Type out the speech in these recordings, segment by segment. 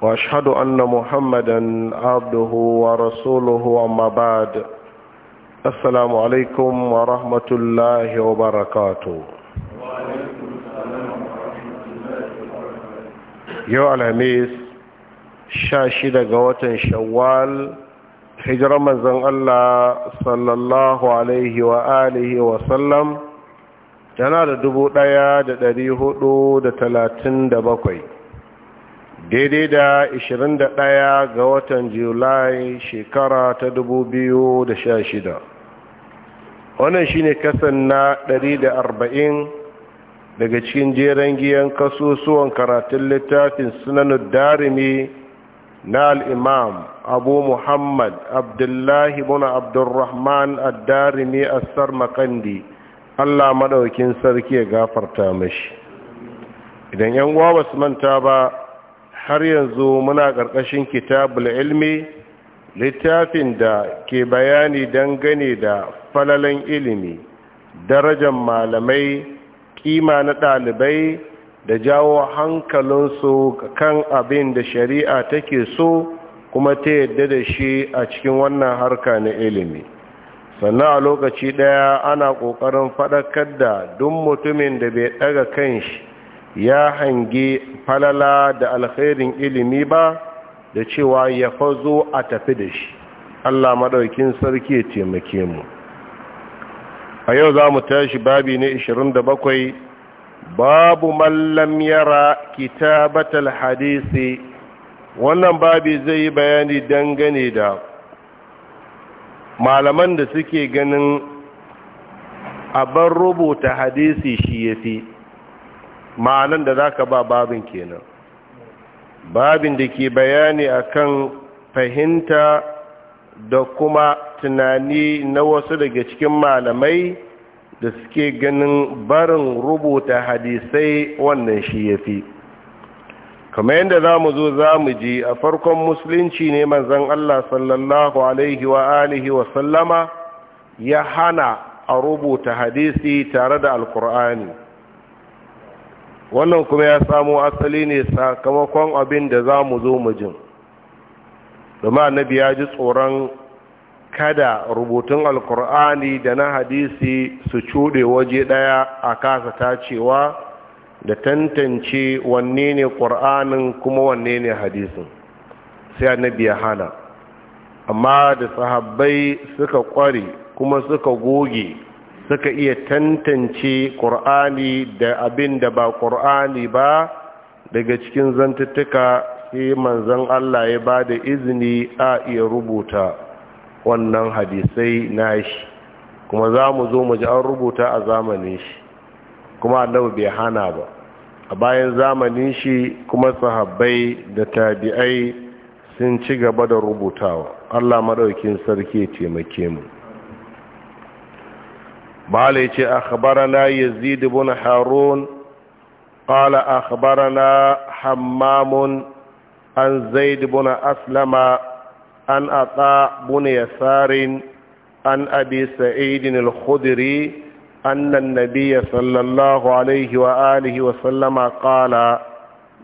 واشهد ان محمدا عبده ورسوله اما بعد السلام عليكم ورحمه الله وبركاته yau alhamis sha shida ga watan shawwal hijirar manzon Allah sallallahu alaihi wa alihi wa sallam yana da dubu ɗaya da dari hudu da talatin da bakwai daidai da 21 ga watan julai shekara ta 2016 wannan shine kasan na 140 daga cikin jeren giyan kasusuwan karatun littafin sunanar darimi na al'imam abu muhammad abdullahi muna abdurrahman addarimi assar makandi allah maɗaukin sarki ya gafarta mashi idan yan uwa basu manta ba har yanzu muna ƙarƙashin kitabul ilmi littafin da ke bayani dangane da falalan ilimi darajar malamai kima na ɗalibai da jawo hankalinsu kan abin da shari'a take so kuma ta yadda da shi a cikin wannan harka na ilimi sannan a lokaci ɗaya ana ƙoƙarin faɗakar da duk mutumin da bai ɗaga kan shi ya hange falala da alkhairin ilimi ba da cewa ya fazo a tafi da shi Allah madaukin sarki ya taimake mu a yau za mu tashi babi ne 27 babu mallam yara kitabatal hadisi wannan babi zai yi bayani dangane da malaman da suke ganin abin rubuta hadisi shi ya fi ma'anan da zaka ba babin kenan babin da ke bayani akan fahimta da kuma tunani na wasu daga cikin malamai da suke ganin barin rubuta hadisai wannan shi ya fi. kamar yadda za mu zo za mu ji a farkon musulunci ne manzan Allah sallallahu alaihi wa alihi wa sallama ya hana a rubuta hadisi tare da alkur'ani wannan kuma ya samo asali ne sakamakon abin da za mu zo mu jin domin annabi ya ji tsoron kada rubutun alkur'ani da na hadisi su cuɗe waje ɗaya a kasa cewa da tantance wanne ne ƙur'anin kuma wanne ne hadisin sai annabi ya hana amma da sahabbai suka ƙware kuma suka goge suka iya tantance ƙur'ani da abin da ba ƙur'ani ba daga cikin zantuttuka sai manzan Allah ya ba da izini a iya rubuta wannan hadisai na shi kuma za mu zo mu ji an rubuta a zamanin shi kuma annabi bai hana ba a bayan zamanin shi kuma sahabbai da tabi'ai sun ci gaba da rubutawa Allah maɗaukin sarki ya taimake mu bala ce akhbarana yazid ibn harun qala akhbarana hammam an zaid ibn aslama an ata ibn yasar an abi sa'id al-khudri أن النبي صلى الله عليه وآله وسلم قال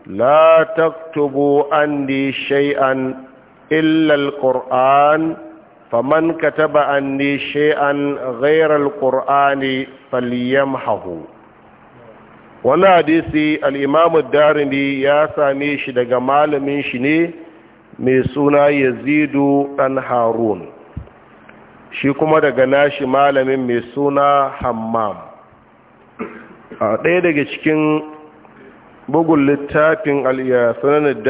لا تكتبوا عني شيئا إلا القرآن faman kataba anni shay'an ghayra alqur'ani falyamhahu wannan hadisi al-imam ad ya same shi daga malamin shi ne mai suna yazidu dan harun shi kuma daga nashi malamin mai suna hammam a ɗaya daga cikin bugun littafin al-sunan ad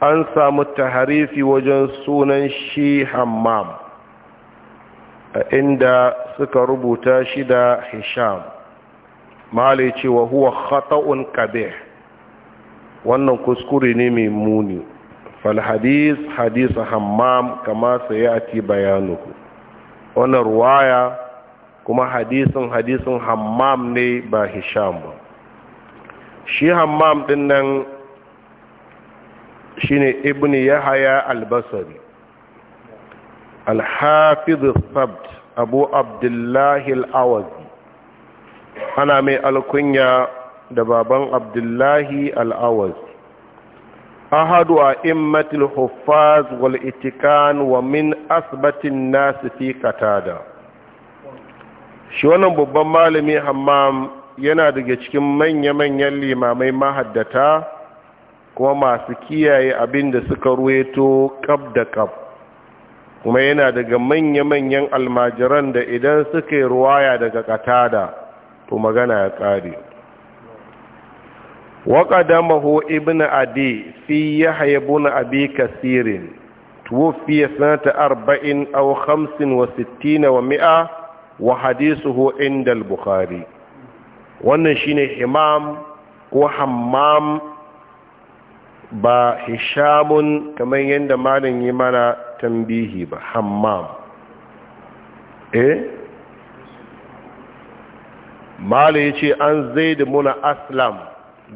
an samu taharifi wajen sunan shi hammam a inda suka rubuta shi da hisham mali cewa huwa khata'un kabih wannan kuskure ne mai muni falhadis hadisa hammam kama sai ya ci bayanuku wannan ruwaya kuma hadisin hadisin hammam ne ba hisham ba shi hammam din nan shine ibn yahya al-basri al-hafiz sabt abu abdullahi al-awazi ana mai alkunya da baban abdullahi al-awazi ahadu a immatul huffaz wal itikan wa min asbatin nasu fi katada shi wannan babban malami hammam yana daga cikin manya-manyan limamai mahaddata kuma masu kiyaye abin da suka ruweto kaf da kaf kuma yana daga manya-manyan almajiran da idan suka ruwaya daga katada to magana ya ƙare waƙadamahu ibn adi fi yahya ibn abi kasirin توفي wa sittina wa mi'a wa ومئة inda al Bukhari, wannan shine imam ko hammam ba hishamun kamar yadda malin yi mana tambihi ba hammam eh malin ya ce an zaidu muna aslam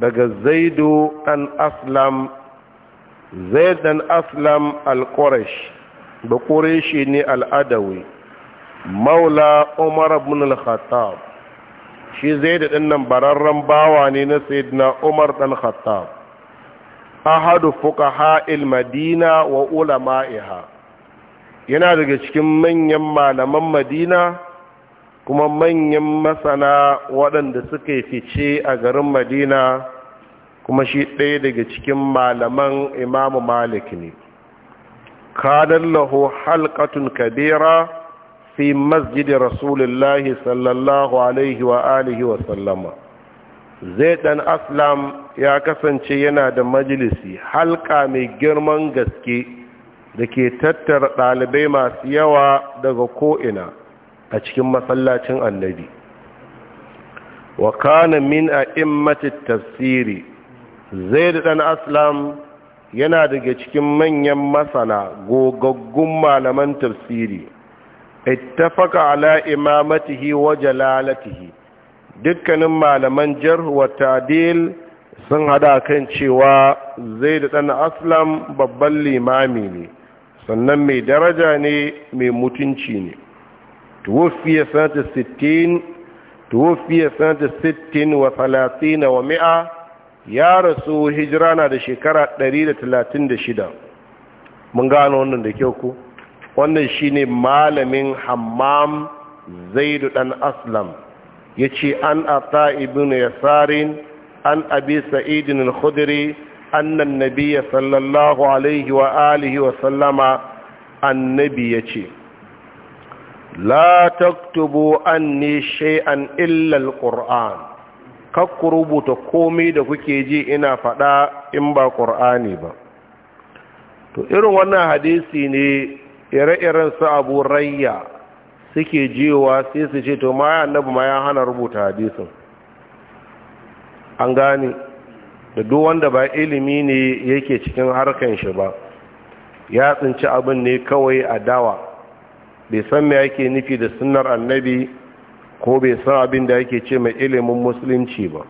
daga zaidu an aslam zaidan aslam al-qurash da ƙureshi ne al'adawi maula umar ibn al-khattab shi zaidu ɗin nan bararren bawa ne na sayyidina umar ɗan khattab ahadu fuqaha madina wa ulama'iha yana daga cikin manyan malaman madina kuma manyan masana waɗanda suka yi fice a garin madina kuma shi ɗaya daga cikin malaman imamu malik ne kanan laho halkatun kabira fi masjidin rasulullahi sallallahu alaihi wa alihi wa sallama zai dan aslam ya kasance yana da majalisi halka mai girman gaske da ke tattara ɗalibai masu yawa daga ko'ina a cikin masallacin annabi wa kana min a tafsiri zai da ɗan aslam yana daga cikin manyan masana gogaggun malaman tafsiri ittafaka ala imamatihi wa jalalatihi dukkanin malaman jarh wa ta'dil sun hada kan cewa zai da ɗan aslam babban limami ne sannan mai daraja ne mai mutunci ne tuwofiya sanata 60 wa 30 wa mi'a ya rasu hijira na da shekara 136 mun gano wannan da kyau ku wannan shine malamin hammam zaidu dan aslam ya ce an ata ibn yasarin an abi sa'idin al-khudri annan nabiya sallallahu alaihi wa alihi wa sallama annabi ya ce la taktubu anni shay'an illa al-qur'an kakku rubuta komai da kuke ji ina faɗa in ba ƙur'ani ba to irin wannan hadisi ne ire-iren su abu rayya suke jiyowa sai su ce to ma ya annabi ma ya hana rubuta hadisin an gane da duk wanda ba ilimi ne yake cikin harkan shi ba ya tsinci abin ne kawai a dawa bai san me yake nufi da sunnar annabi ko bai san abin da yake ce mai ilimin musulunci ba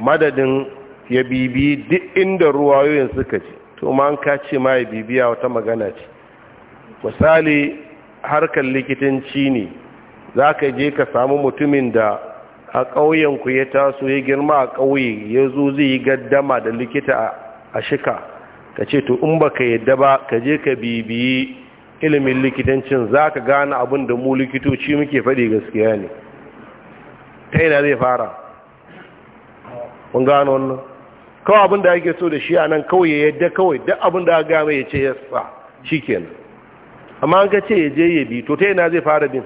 madadin ya bibi duk inda ruwayoyin suka ce to ma an ka ma ya bibiya wata magana ce misali harkar likitanci ne za ka je ka samu mutumin da a ƙauyenku ya taso ya girma a ƙauye ya zo zai yi gaddama da likita a shika ka ce to in ba ka yadda ba ka je ka bibiyi ilimin likitancin za ka gane abin da mu likitoci muke faɗi gaskiya ne ta yana zai fara kun gane wannan kawai abin da ake so da shi a nan kawai ya yadda kawai duk abin da aka gama ya ce ya ah, sa shi kenan amma an ga ce ya je ya bi to ta yana zai fara bin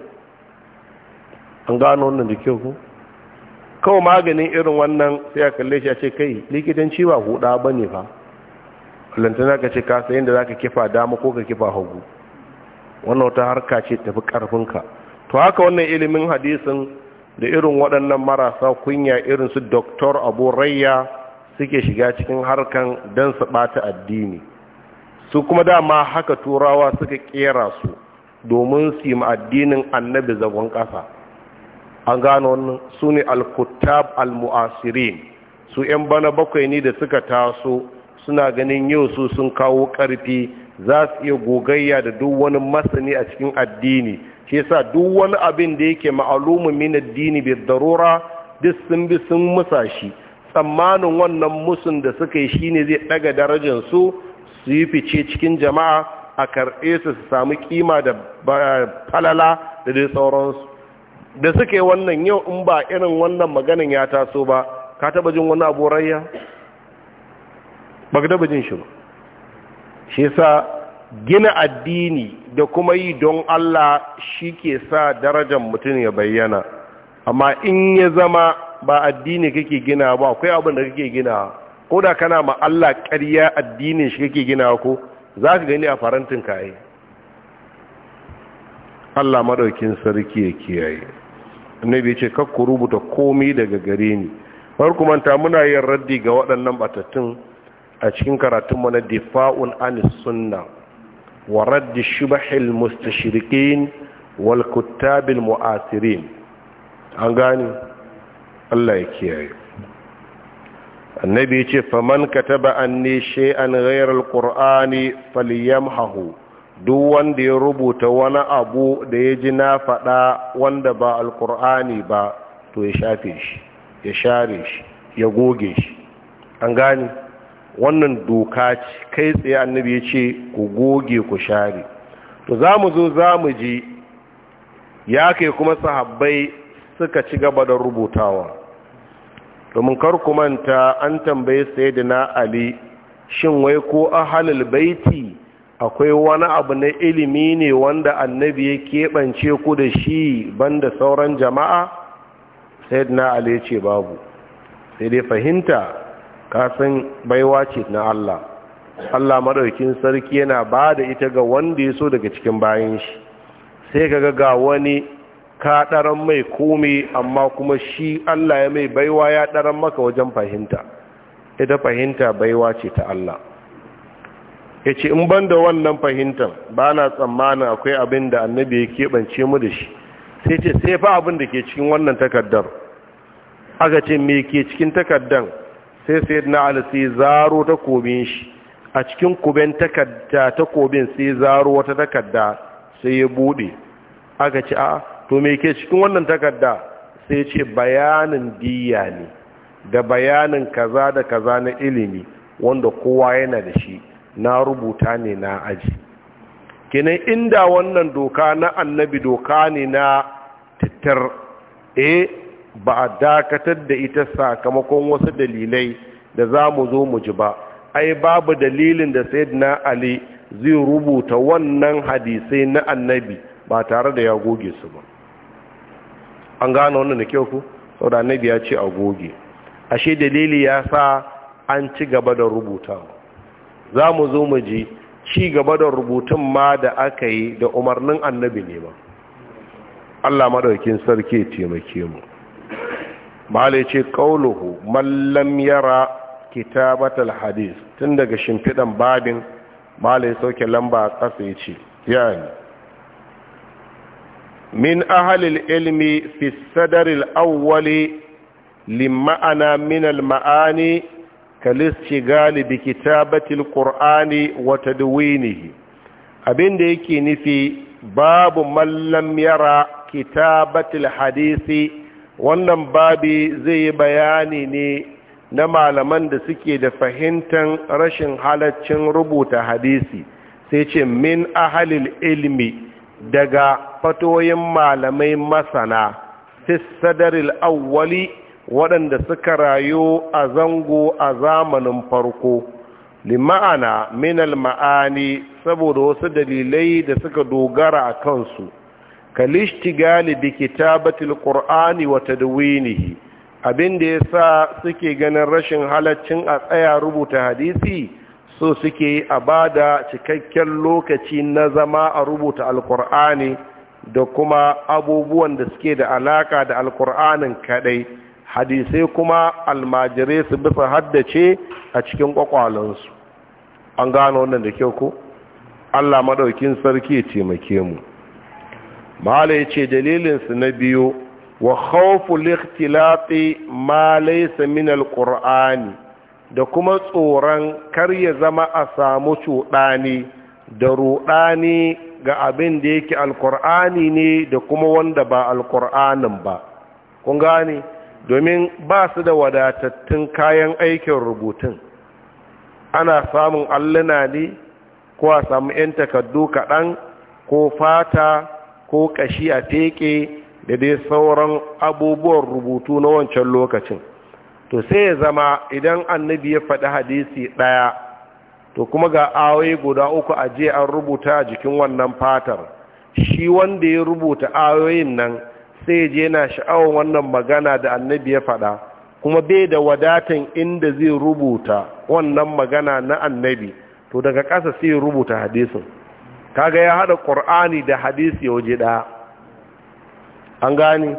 an gano wannan da kyau kawai maganin irin wannan sai a kalle shi a ce kai likitanci ba huda ba ne fa lantana ka ce kasa yadda za ka kifa dama ko ka kifa hagu wannan wata harka ce tafi karfinka to haka wannan ilimin hadisin da irin waɗannan marasa kunya irin su doktor abu rayya suke shiga cikin harkan don su ɓata addini su kuma dama haka turawa suka kera su domin su yi addinin annabi zagon ƙasa an gano wannan su ne al-kuttab al-mu'asirin su 'yan bana bakwai ne da suka taso suna ganin yau su sun kawo ƙarfi za su iya gogayya da duk wani masani a cikin addini shi yasa duk wani abin da yake ma'alumin min addini bi darura duk sun bi sun musa shi tsammanin wannan musun da suka yi shine zai daga darajar su su yi fice cikin jama'a a karɓe su su samu kima da falala da dai sauransu da suke wannan yau in ba irin wannan maganin ya taso ba ka taba jin wani abu rayya ba ka taba jin shi ba shi sa gina addini da kuma yi don Allah shi ke sa darajar mutum ya bayyana amma in ya zama ba addini kake gina ba akwai abin da kake gina ko da kana ma Allah ƙarya addinin shi kake gina ko za ka gani a farantin kaye Allah madaukin sarki ya kiyaye annabi ya ce ku rubuta komai daga gare ni har kuma ta muna yin raddi ga waɗannan batattun a cikin karatun na difa'un an sunna wa raddi shubahil mustashriqin wal kuttabil mu'asirin an gani Allah ya kiyaye annabi ce faman kataba anni shay'an ghayra alqur'ani falyamhahu duk wanda ya rubuta wani abu da ya ji na faɗa wanda ba alqur'ani ba to ya shafe shi ya share shi ya goge shi an gane wannan doka ce kai tsaye annabi ya ce ku goge ku share to za mu zo za mu ji ya kai kuma sahabbai suka ci gaba da rubutawa domin kar ku manta an tambaye sayyidina ali shin wai ko ahlul baiti akwai wani abu na ilimi ne wanda annabi ya keɓance ku da shi banda sauran jama'a sayyidina ali ya ce babu sai dai fahimta kasan baiwa ce na Allah Allah madaukin sarki yana ba da ita ga wanda ya so daga cikin bayan shi sai kaga ga wani ka ɗaran mai komai amma kuma shi Allah ya mai baiwa ya ɗaran maka wajen fahimta ita fahimta baiwa ce ta Allah ya ce in ban da wannan fahimtar ba na tsammanin akwai abin da annabi ya keɓance mu da shi sai ce sai fa abin da ke cikin wannan takardar aka ce me ke cikin takardar sai sai na alisi zaro takobin shi a cikin kuben takarda takobin sai zaro wata takarda sai ya buɗe aka ce a to me ke cikin wannan takarda sai ce bayanin diya ne da bayanin kaza da kaza na ilimi wanda kowa yana da shi na rubuta ne na aji kenan inda wannan doka na annabi doka ne na tattar eh ba a dakatar da ita sakamakon wasu dalilai da za mu zo mu ji ba ai babu dalilin da sai na ali zai rubuta wannan hadisai na annabi ba tare da ya goge su ba an gano wannan da kyau ku sau da annabi ya ce a goge ashe dalili ya sa an ci gaba da rubuta. za mu zo mu ji ci gaba da rubutun ma da aka yi da umarnin annabi ne ba Allah madaukin sarki taimake mu malai ce qauluhu man lam yara kitabatal hadith tun daga shimfidan babin malai sauke lamba a ƙasa yace yani min ahalil ilmi fi sadaril awwali limma'ana min maani kalistigali bi kitabatil qur'ani wa tadwinihi abinda yake nufi babu mallam yara kitabatil hadisi wannan babi zai yi bayani ne na malaman da suke da fahimtar rashin halaccin rubuta hadisi sai ce min ahalil ilmi daga fatoyin malamai masana fi awwali waɗanda suka rayu a zango a zamanin farko lima'ana minal ma'ani saboda wasu dalilai da suka dogara a kansu kalishtigali bi kitabatil qur'ani wa tadwinihi abin da yasa suke ganin rashin halaccin a tsaya rubuta hadisi so suke yi a bada cikakken lokaci na zama a rubuta alqur'ani da kuma abubuwan da suke da alaka da alkur'anin kadai hadisai kuma almajirai su bisa haddace a cikin kwakwalansu an gano wannan da kyau ko allah maɗaukin sarki taimake mu mahala ya ce dalilinsu na biyu wa khawful ikhtilati ma laysa min alqur'ani da kuma tsoron kar ya zama a samu cuɗani da ruɗani ga abin da yake alkur'ani ne da kuma wanda ba alkur'anin ba kun gane domin ba su da wadatattun kayan aikin rubutun ana samun alluna ne ko a samu 'yan takardu kaɗan ko fata ko ƙashi a teke da dai sauran abubuwan rubutu na wancan lokacin to sai ya zama idan annabi ya faɗi hadisi ɗaya to kuma ga awai guda uku a je an rubuta a jikin wannan fatar shi wanda ya rubuta ayoyin nan sai je yana sha'awar wannan magana da annabi ya faɗa kuma bai da wadatan inda zai rubuta wannan magana na annabi to daga ƙasa sai ya rubuta hadisin kaga ya haɗa ƙur'ani da hadisi waje ɗaya an gane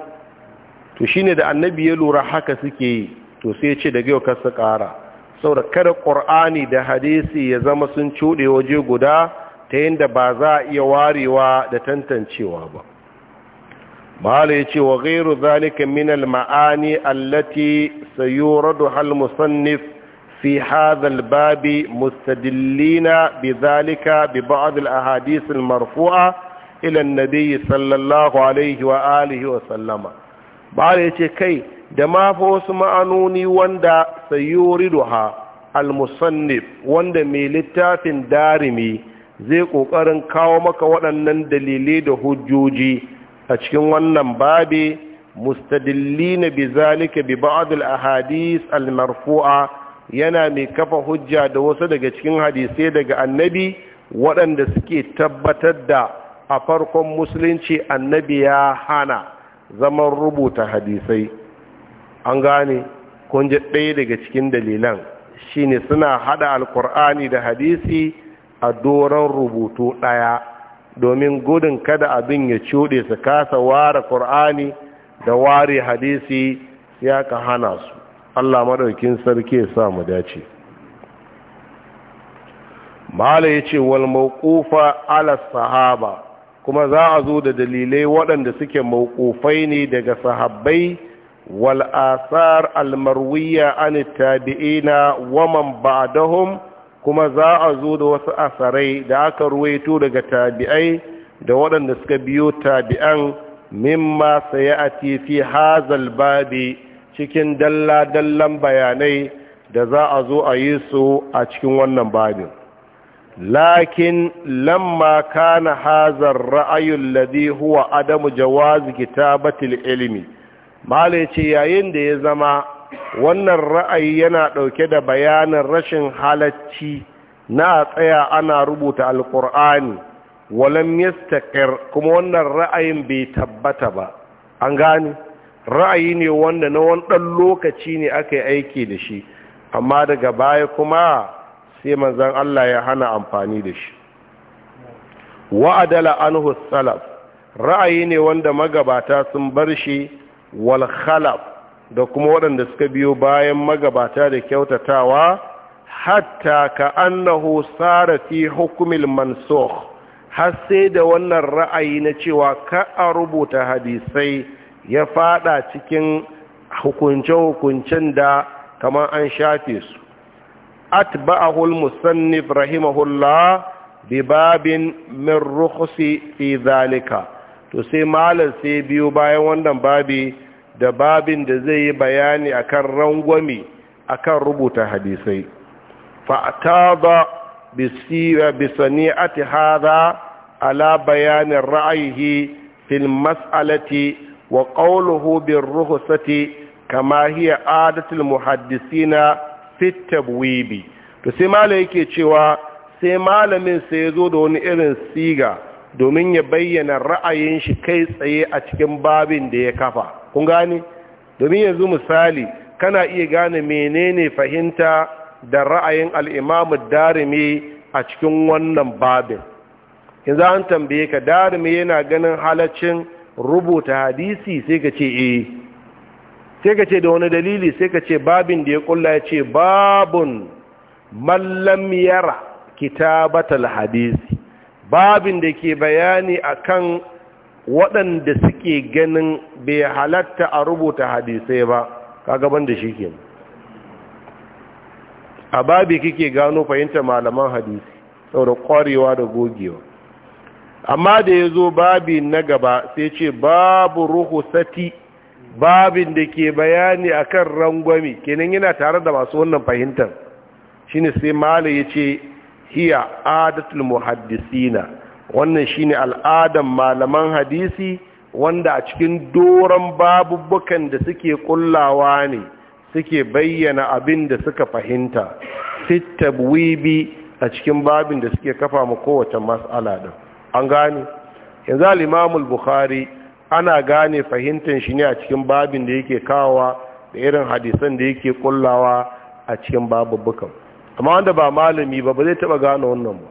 to shine da annabi ya lura haka suke yi to sai ce daga yau kar su ƙara saboda kada ƙur'ani da hadisi ya zama sun cuɗe waje guda ta yadda ba za a iya warewa da tantancewa ba mahala ya ce wa gairu zalika min al-ma'ani allati sayuradu hal musannif fi hadha al-babi mustadillina bi zalika bi ba'd al-ahadith al-marfu'a ila an-nabi sallallahu alaihi wa alihi wa sallama mahala ya ce kai da ma fa wasu ma'anoni wanda duha al-musannif wanda mai littafin darimi zai kokarin kawo maka waɗannan dalilai da hujjoji a cikin wannan babi mustadillina bi zalika bi ba'd al-ahadith al-marfu'a yana mai kafa hujja da wasu daga cikin hadisai daga annabi waɗanda suke tabbatar da a farkon musulunci annabi ya hana zaman rubuta hadisai an gane kun ji ɗaya daga cikin dalilan shine suna haɗa alkur'ani da hadisi a doron rubutu ɗaya domin gudun kada abin ya cuɗe su kasa ware kur'ani da ware hadisi ya ka hana su allah maɗaukin sarki ya sa mu dace mala ya ce wal maƙufa ala sahaba kuma za a zo da dalilai waɗanda suke maƙufai ne daga sahabbai wal'asar almarwiya an tabi'ina waman ba'dahum kuma za a zo da wasu asarai da aka ruwaito daga tabi'ai da waɗanda suka biyo tabi'an mimma sai a fi hazal babi cikin dalla-dallan bayanai da za a zo a yi su a cikin wannan babin lakin lamma kana hazar ra'ayul ladhi wa adamu jawazi kitabatil ilimi. malai ce yayin da ya zama wannan ra'ayi yana ɗauke da bayanin rashin halacci na tsaya ana rubuta alkur'ani walam yastaqir kuma wannan ra'ayin bai tabbata ba an gane ra'ayi ne wanda na wani dan lokaci ne aka yi aiki da shi amma daga baya kuma sai manzan Allah ya hana amfani da shi wa'adala anhu salaf ra'ayi ne wanda magabata sun bar shi wal da kuma waɗanda suka biyo bayan magabata da kyautatawa hatta ka annahu sara fi hukumil mansukh har sai da wannan ra'ayi na cewa ka a rubuta hadisai ya fada cikin hukunce-hukuncen da kamar an shafe su atba'ahul musannif rahimahullah bi babin min rukhsi fi zalika to sai malam sai biyo bayan wannan babi da babin da zai yi bayani akan rangwami akan rubuta hadisai fa'tada a ti haza ala bayanin ra'ayi fil mas'alati wa qawluhu bir ruhusati kama hiya adatul muhaddisina fit tabwibi to sai malai yake cewa sai malamin sai ya zo da wani irin siga domin ya bayyana ra'ayin shi kai tsaye a cikin babin da ya kafa kun gani domin yanzu misali kana iya gane menene fahimta da ra'ayin al'imamu darimi a cikin wannan babin yanzu an tambaye ka darimi yana ganin halaccin rubuta hadisi sai ka ce eh sai ka ce da wani dalili sai ka ce babin da ya kulla ya ce babun mallam yara kitabatal hadisi babin da ke bayani akan waɗanda suke ganin bai halatta a rubuta hadisai ba kagaban da shi ke a babi kike gano fahimta malaman hadisi sau da ƙwarewa da gogewa amma da ya zo babi na gaba sai ce babu ruhu sati babin da ke bayani akan rangwami kenan yana tare da masu wannan fahimtar shine sai malai ya ce hiya adatul muhaddisina wannan shine al'adan malaman hadisi wanda a cikin doron babubukan da suke kullawa ne suke bayyana abin da suka fahimta fitabwibi a cikin babin da suke kafa mu kowace mas'ala din an gane yanzu al-imamul bukhari ana gane fahimtar shi ne a cikin babin da yake kawowa da irin hadisan da yake kullawa a cikin babubukan amma wanda ba malami ba ba zai taba gane wannan ba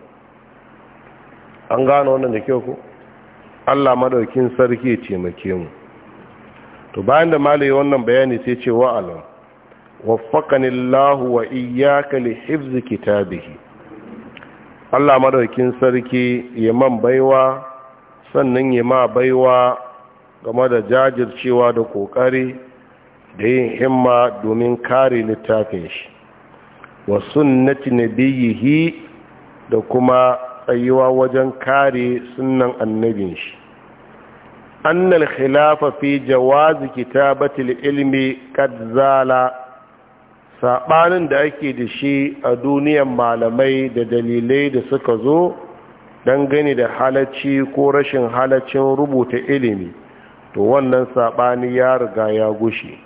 an gano wannan da kyau ku. Allah madaukin sarki ya taimake mu to bayan da malai wannan bayani sai ce wa alam waffaqani Allah wa iyyaka li hifz kitabihi Allah madaukin sarki ya man baiwa sannan ya ma baiwa game da jajircewa da kokari da yin himma domin kare littafin shi wa sunnati nabiyhi da kuma tsayuwa wajen kare sunan annabin shi annal khilafa fi jawazi kitabatil ilmi kad zala sabanin da ake da shi a duniyar malamai da dalilai da suka zo dangane da halacci ko rashin halaccin rubuta ilimi to wannan sabani ya riga ya gushe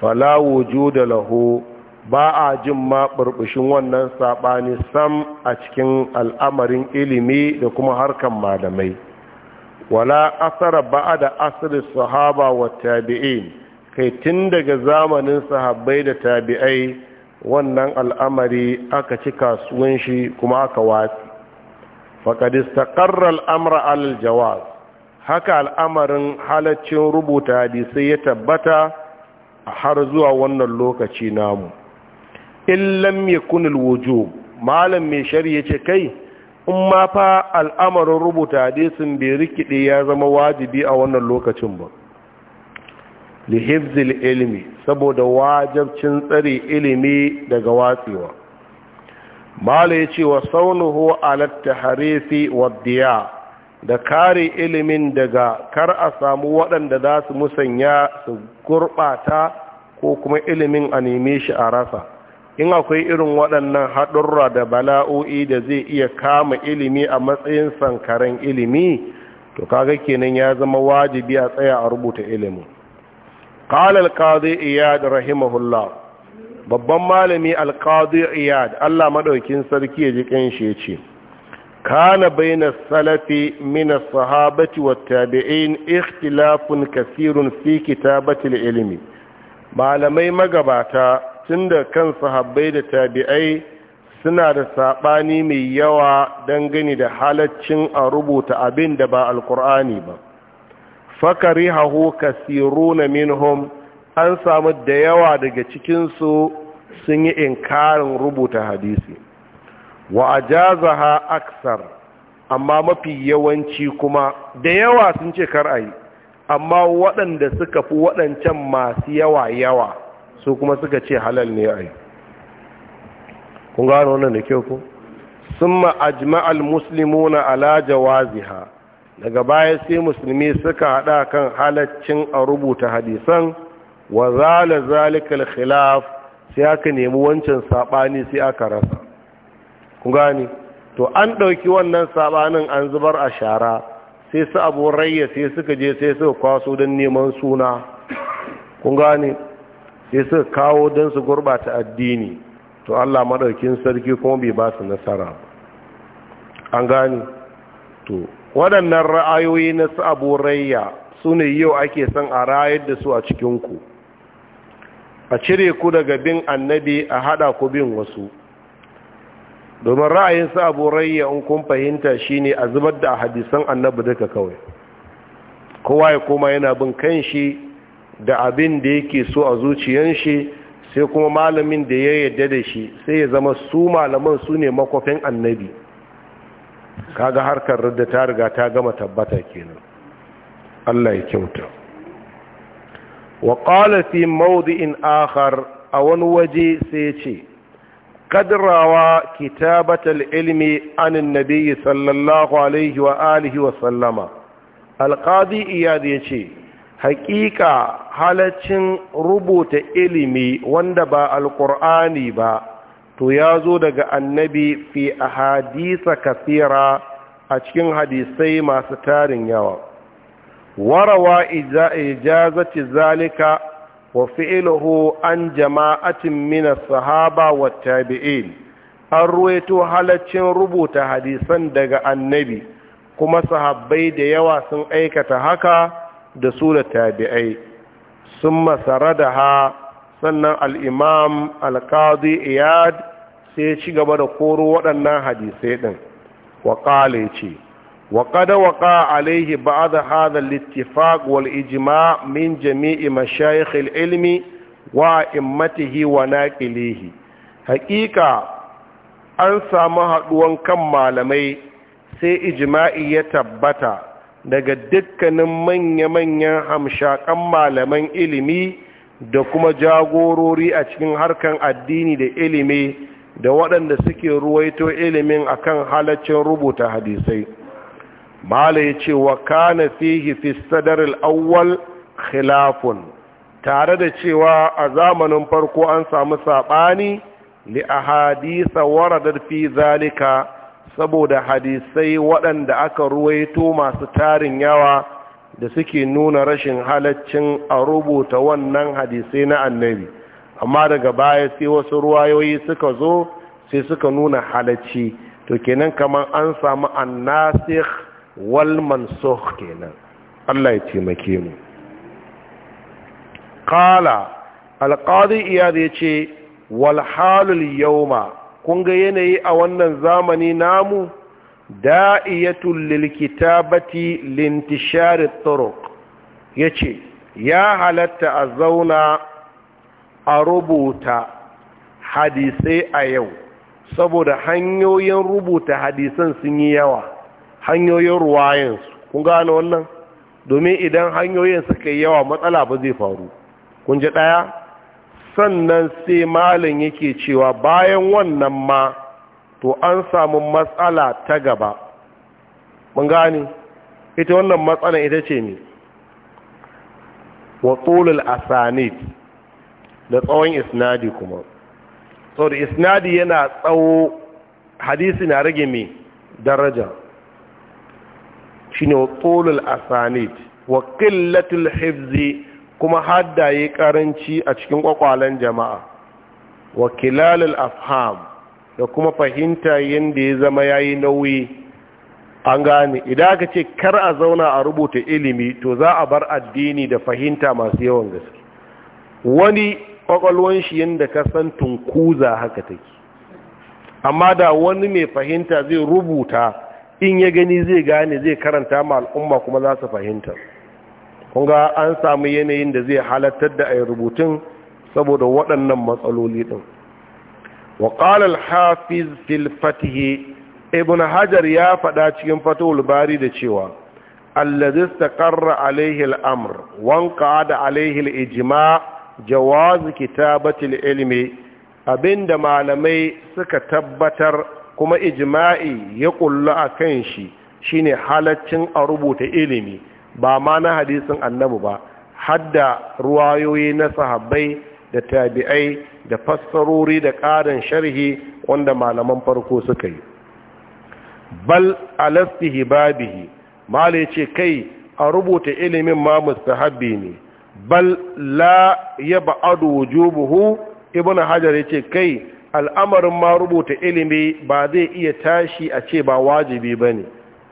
fala wujuda lahu ba a jin ma burbushin wannan saɓani sam a cikin al'amarin ilimi da kuma harkan malamai wala asara ba da asirin sahaba wa tabi'in kai tun daga zamanin sahabbai da tabi'ai wannan al'amari aka ci kasuwan shi kuma aka watsi faƙadista ƙarrar amra al haka al'amarin halaccin rubuta hadisai ya tabbata har zuwa wannan lokaci namu illam yakun alwujub malam mai shari'a ce kai in ma fa al'amarin rubuta hadisin bai rikide ya zama wajibi a wannan lokacin ba li hifzil ilmi saboda wajabcin tsare ilimi daga watsewa ya ce wa saunuhu ala tahrifi wadiya da kare ilimin daga kar a samu waɗanda za su musanya su gurɓata ko kuma ilimin a neme shi a rasa in akwai irin waɗannan haɗurra da bala'o'i da zai iya kama ilimi a matsayin sankaran ilimi to kaga kenan ya zama wajibi a tsaya a rubuta ilimi qala al-qadi iyad rahimahullah babban malami al-qadi iyad Allah maɗaukin sarki ya ji ya yace kana baina salafi min sahabati wat-tabi'in ikhtilafun kasirun fi kitabati ilimi. ilmi malamai magabata tun da kan sahabbai da tabi'ai suna da saɓani mai yawa gani da halaccin a rubuta abin da ba alkur'ani ba fakari hahu na minhum an samu da yawa daga cikinsu sun yi inkarin rubuta hadisi wa ajazaha aksar amma mafi yawanci kuma da yawa sun ce kar a yi amma waɗanda suka fi waɗancan masu yawa yawa su kuma suka ce halal ne a kun gano wannan da kyau ko summa ajma'al na ala Waziha, daga baya sai musulmi suka hada kan halaccin a rubuta hadisan wa zala zalikal khilaf sai aka nemi wancan sabani sai aka rasa kun gani to an ɗauki wannan saɓanin an zubar a shara sai su abu rayya sai suka je sai suka kwaso don neman suna kun gani sai suka kawo don su gurbata addini to Allah maɗaukin sarki kuma bai ba su nasara an gani to waɗannan ra'ayoyi na abu rayya su ne yau ake son a rayar da su a cikinku a cire ku daga bin annabi a haɗa ku bin wasu domin ra'ayin su abu rayya in kun fahimta shi ne a zubar da hadisan annabi duka kawai kowa ya koma yana bin kan shi da abin da yake so a zuciyan shi sai kuma malamin da ya yarda da shi sai ya zama su malaman su ne makwafin annabi kaga harkar radda ta riga ta gama tabbata kenan Allah ya kyauta wa qala fi mawdi'in akhar a wani waje sai ya ce kadrawa kitabatal ilmi anin annabi sallallahu alaihi wa alihi wa sallama alqadi iyad ya ce haƙiƙa halaccin rubuta ilimi wanda ba alƙur'ani ba to ya zo daga annabi fi ahadisa hadisa kasira a cikin hadisai masu tarin yawa warawa ijazati zalika wa fi'luhu an jama'atin min as-sahaba wa tabi'in an ruwaito halaccin rubuta hadisan daga annabi kuma sahabbai da yawa sun aikata haka da su da tabi'ai sun masara da ha sannan al’imam al'adu, iyad sai ci gaba da koro waɗannan hadisai ɗin wa ƙale ce wa ƙada wa ƙa alaihi ba a da ha da wal ijima min jami'i mashayikhil ilmi wa matihi wa naƙilihi haƙiƙa an samu haɗuwan kan malamai sai ijima'i ya tabbata daga dukkanin manya-manyan hamshakan malaman ilimi da kuma jagorori a cikin harkan addini da ilimi da waɗanda suke ruwaito ilimin akan halaccin rubuta hadisai mala ya ce wa kana fihi fi sadar al'awwal khilafun tare da cewa a zamanin farko an samu saɓani li a hadisa waradar fi zalika saboda hadisai waɗanda aka ruwaito masu tarin yawa da suke nuna rashin halaccin a rubuta wannan hadisai na annabi amma daga baya sai wasu ruwayoyi suka zo sai suka nuna halacci to kenan kamar an samu annasikh wal mansukh kenan Allah ya taimake mu qala al-qadi iyad yace wal halul yawma kun ga yanayi a wannan zamani namu da'iyatul lil kitabati turuq yace ya halatta a zauna a rubuta hadisai a yau saboda hanyoyin rubuta hadisan sun yi yawa hanyoyin ruwayansu kun gane wannan domin idan hanyoyin suka yi yawa matsala ba zai faru kun ji ɗaya sannan sai malin yake cewa bayan wannan ma to an samu matsala ta gaba mun gane ita wannan matsala ita ce ne wa asanid da tsawon isnadi kuma saboda isnadi yana tsawo hadisi na rage mai daraja shine wa asanid wa qillatul hifzi kuma hadda yi karanci a cikin kwakwalen jama'a wakilal afham da kuma fahimta yadda ya zama yayi nauyi an gane idan aka ce kar a zauna a rubuta ilimi to za a bar addini da fahimta masu yawan gaske wani kwakwalwan shi yadda ka san tunkuza haka take amma da wani mai fahimta zai rubuta in ya gani zai gane zai karanta ma al'umma kuma za su fahimta kun an samu yanayin da zai halattar da a rubutun saboda waɗannan matsaloli ɗin wa ƙalal hafiz fil fatihi ibn hajar ya faɗa cikin fatowar bari da cewa allazi istaqarra alaihi al-amr wanka da alaihi al-ijma jawaz kitabati al-ilmi abinda malamai suka tabbatar kuma ijma'i ya kullu akan shi shine halaccin a rubuta ilimi ba ma na hadisin annabi ba hadda ruwayoyi na sahabbai da tabi'ai da fassarori da ƙarin sharhi wanda malaman farko suka yi bal alastihi babihi mala ce kai a rubuta ilimin ma mustahabbi ne bal la ya ba'adu wujubuhu ibnu hajar yace kai al'amarin ma rubuta ilimi ba zai iya tashi a ce ba wajibi bane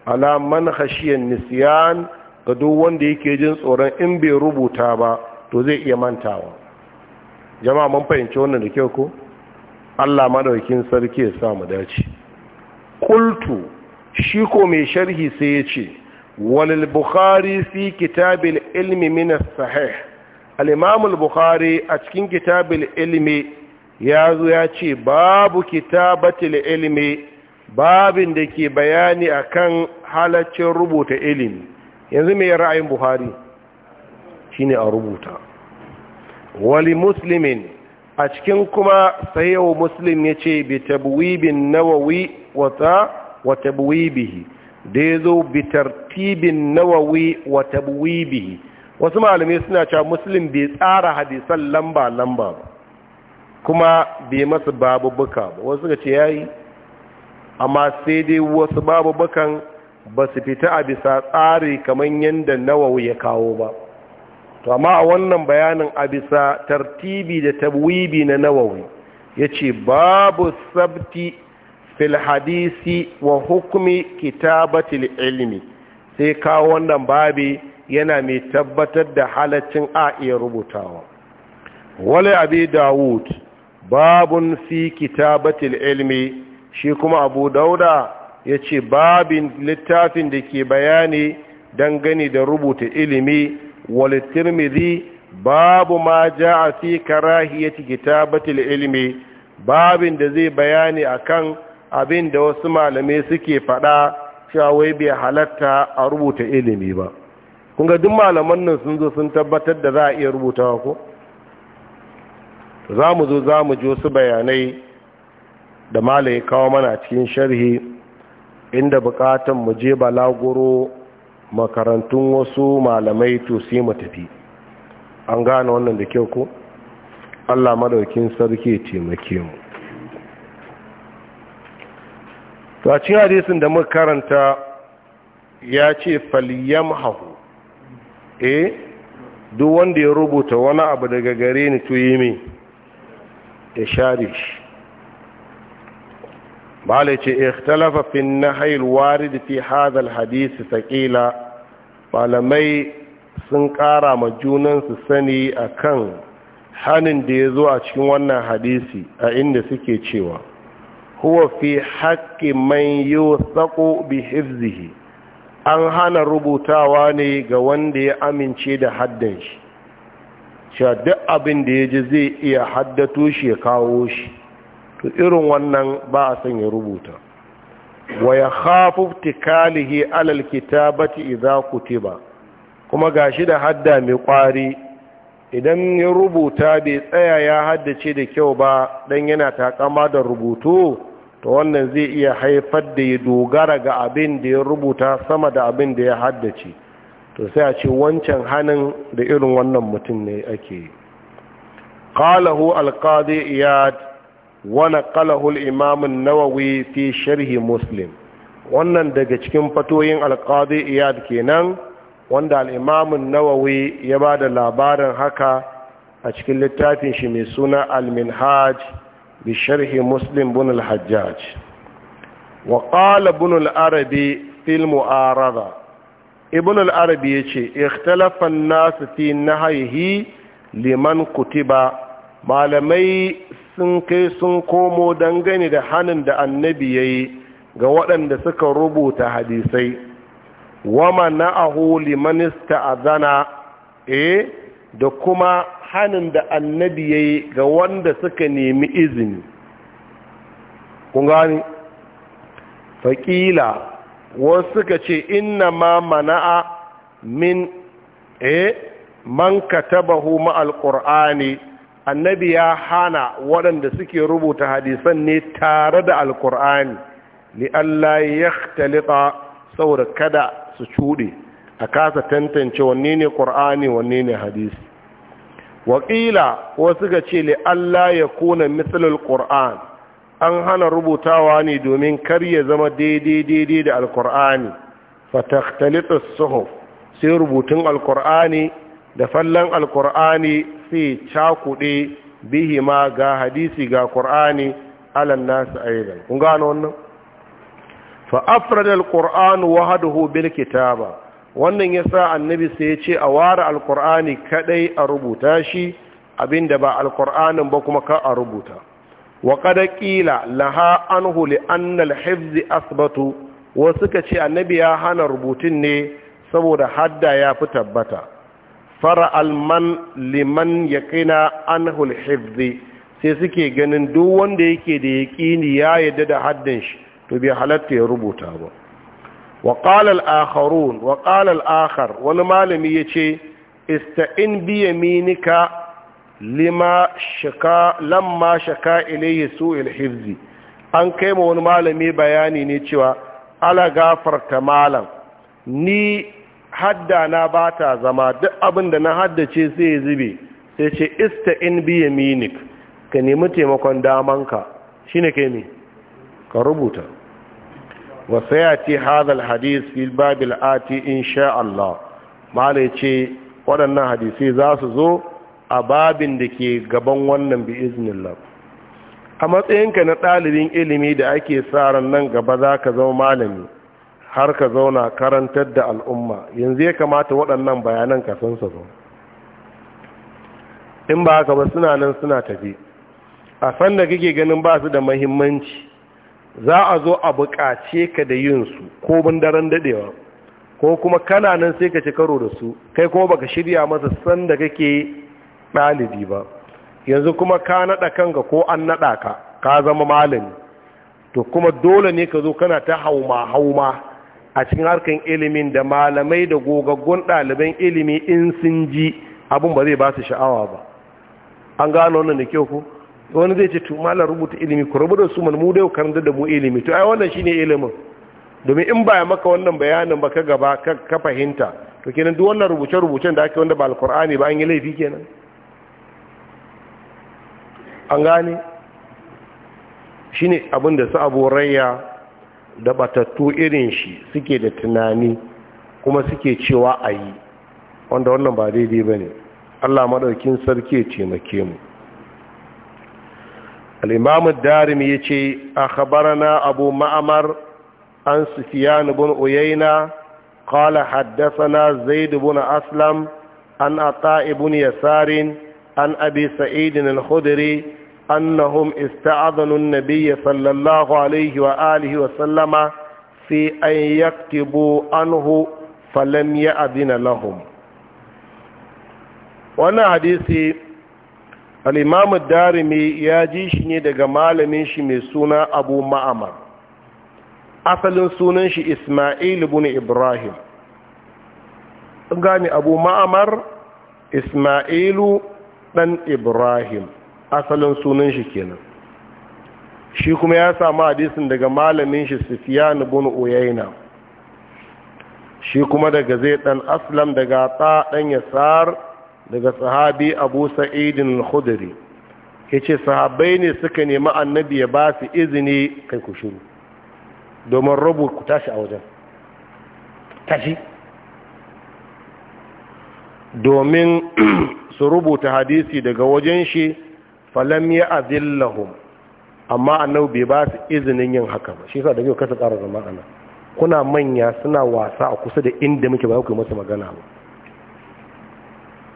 ala man khashiyan nisyan ga duk wanda yake jin tsoron in bai rubuta ba to zai iya mantawa jama'a mun fahimci wannan da kyau ko Allah madaukakin sarki ya sa mu dace qultu shi ko mai sharhi sai ya ce walil bukhari fi kitabil ilmi min as-sahih al-imam al-bukhari a cikin kitabil ilmi ya zo ya ce babu kitabatil ilmi babin da ke bayani akan halaccin rubuta ilimi yanzu mai ra'ayin buhari shi ne a rubuta wali muslimin a cikin kuma sayewa muslim ya ce bi tabwibin nawawi wata wa bihi. da ya zo bi nawawi wa bihi? wasu malamai suna cewa muslim bai tsara hadisan lamba-lamba ba kuma bai masu babu buka ba wasu ga ce ya yi. amma sai dai wasu babu bukan ba su fita a bisa tsari kamar yadda nawawu ya kawo ba to amma a wannan bayanin a bisa tartibi da tabwibi na nawawu ya ce babu sabti fil hadisi wa hukumi kitabatil ilmi sai kawo wannan babi yana mai tabbatar da halaccin a iya rubutawa wale abi dawud babun fi kitabatil ilmi shi kuma abu dauda ya ce babin littafin da ke bayani dangane da rubuta ilimi walittirmidhi babu ma ja a fi karahiyati kitabatul ilimi babin da zai bayani akan abin da wasu malamai suke fada shawai bai halatta a rubuta ilimi ba kun duk malaman nan sun zo sun tabbatar da za a iya rubutawa ko za mu zo za mu ji wasu bayanai da malaye kawo mana cikin sharhi inda bukatan mu je balaguro makarantun wasu malamai to sai mu tafi an gane wannan da kyau ko Allah madaukin sarki taimake mu to a cikin hadisin da muka karanta ya ce hahu, eh duk wanda ya rubuta wani abu daga gare ni to yi ya share shi malai ce ikhtalafa fi nahayil warid fi hadha alhadith thaqila malamai sun ƙara ma junansu sani akan hanin da ya zo a cikin wannan hadisi a inda suke cewa huwa fi haƙƙi man yuthaku bi hifzihi an hana rubutawa ne ga wanda ya amince da haddan shi cewa duk abin da ya ji zai iya haddato shi ya kawo shi to irin wannan ba a son ya rubuta wa ya khafu tikalihi alal kitabati idza kutiba kuma gashi da hadda mai kwari idan ya rubuta bai tsaya ya haddace da kyau ba dan yana takama da rubutu to wannan zai iya haifar da ya dogara ga abin da ya rubuta sama da abin da ya haddace to sai a ce wancan hannun da irin wannan mutum ne ake yi qalahu alqadi iyad wani kalahul النووي في fi sharhi wannan daga cikin fatoyin alkazi iyad kenan wanda al'imamun nawawi ya ba da labarin haka a cikin littafin shi mai suna al-minhaj bi sharhi muslim bin al-hajjaj wa qala bin al-arabi fil mu'arada ibn al-arabi yace ikhtalafa an-nas fi nahyihi liman kutiba malamai sun kai sun komo dangane da hannun da annabi ya yi ga waɗanda suka rubuta hadisai wama na ahu limanista azana e eh, da kuma hannun da annabi ya yi ga wanda suka nemi izini kun gani faƙila wasu suka ce ina ma mana'a min e man ka katabahu ma alƙur'ani annabi ya hana waɗanda suke rubuta hadisan ne tare da alkur'ani li'alla ya talita saboda kada su cuɗe a kasa tantance wanne ne ƙur'ani wanne ne hadisi waƙila wasu ga ce li'alla ya kuna misalin ƙur'an an hana rubutawa ne domin kar ya zama daidai-daidai da alkur'ani fatakhtalitus suhu sai rubutun alkur'ani da fallon alkur'ani sai cakuɗe bihi ma ga hadisi ga ƙur'ani. alan nasu aidan kun gano wannan fa afrad alqur'an wahdahu bil kitaba wannan yasa annabi sai ya ce a ware alkur'ani kadai a rubuta shi abinda ba alkur'anin ba kuma ka a rubuta wa qad qila laha anhu li anna al asbatu wasu ka ce annabi ya hana rubutun ne saboda hadda ya fi tabbata Fara alman liman yaqina anhu al-hifz sai suke ganin duk wanda yake da yaqini ya yadda da haddin shi to bai halatta ya rubuta ba wa qala al-akharun wa akhar wani malami yace ista'in bi yaminika lamma shaka ilayhi su'il hifz an kai ma wani malami bayani ne cewa ala gafarta malam ni hadda na ba ta zama duk abin da na haddace sai ya zube sai ce ista in biya minik ka nemi taimakon damanka shi ne kai ne ka rubuta wasu ya ce hadal hadis fil babil ati insha Allah mala ce waɗannan hadisai za su zo a babin da ke gaban wannan bi lab. a matsayinka na ɗalibin ilimi da ake sa ran nan gaba za ka zama malami har ka zauna karantar da al'umma yanzu ya kamata waɗannan bayanan ka san su in ba haka ba suna nan suna tafi a sanda kake ganin ba su da mahimmanci za a zo a buƙace ka da yin su ko bin daren dadewa ko kuma kana nan sai ka ci karo da su kai ko baka shirya masa sanda kake ɗalibi ba yanzu kuma ka naɗa kanka ko an naɗa ka ka zama malami to kuma dole ne ka zo kana ta hauma hauma a cikin harkan ilimin da malamai da gogaggun ɗaliban ilimi in sun ji abin ba zai ba su sha'awa ba an gano wannan da kyau ko wani zai ce to malar rubuta ilimi ku rubuta su mu dai karanta da mu ilimi to ai wannan shine ilimin domin in ba maka wannan bayanin ba ka gaba ka fahimta to kenan duk wannan rubuce-rubucen da ake wanda ba alkur'ani ba an yi laifi kenan an gane shine abin da su abu rayya da batattu irin shi suke da tunani kuma suke cewa a yi wanda wannan ba daidai ba ne allah maɗaukin sarki ce make mu al'imamu darim ya ce a khabarana abu ma'amar an sufiyan bin uyaina na haddasana dubu bin aslam an ata ibn yasarin an abi sa'idin al-khudri annahum ista'adhanu an-nabiy sallallahu alaihi wa wa sallama fi an yaktubu anhu falam ya'dina lahum wannan hadisi al-imam ad-darimi ya ji shi ne daga malamin shi mai suna Abu Ma'mar asalin sunan shi Isma'il ibn Ibrahim gane Abu Ma'mar Isma'ilu dan Ibrahim asalin sunan shi kenan shi kuma ya samu hadisin daga malamin shi Sufyan ibn Uyayna shi kuma daga zai dan Aslam daga ta dan Yasar daga sahabi Abu Sa'id al-Khudri yace sahabbai ne suka nemi annabi ya ba su izini kai ku shiru domin rubu ku tashi a wajen tashi domin su rubuta hadisi daga wajen shi falam ya azillahum amma annabi bai ba su izinin yin haka ba shi yasa da yau kasa tsara zama ana kuna manya suna wasa a kusa da inda muke ba ku yi masa magana ba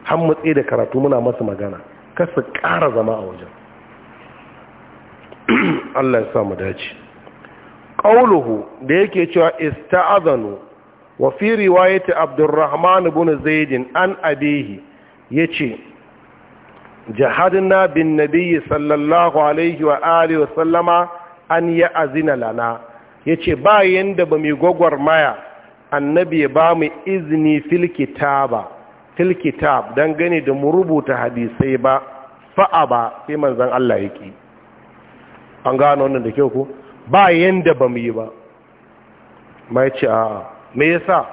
har mutse da karatu muna masa magana kasa ƙara zama a wajen Allah ya sa mu dace qauluhu da yake cewa ista'azanu wa fi riwayati abdurrahman ibn zaid an abihi yace jihadina bin nabiyyi sallallahu alaihi wa alihi wasallama an ya azina lana ya ce ba yadda ba mai gwagwarmaya annabi ya ba mu izini filkitaba filkitab don gani da mu rubuta hadisai ba fa'a ba sai manzan Allah ya an gano wannan da kyau ko ba yadda ba mu yi ba mai ce a me yasa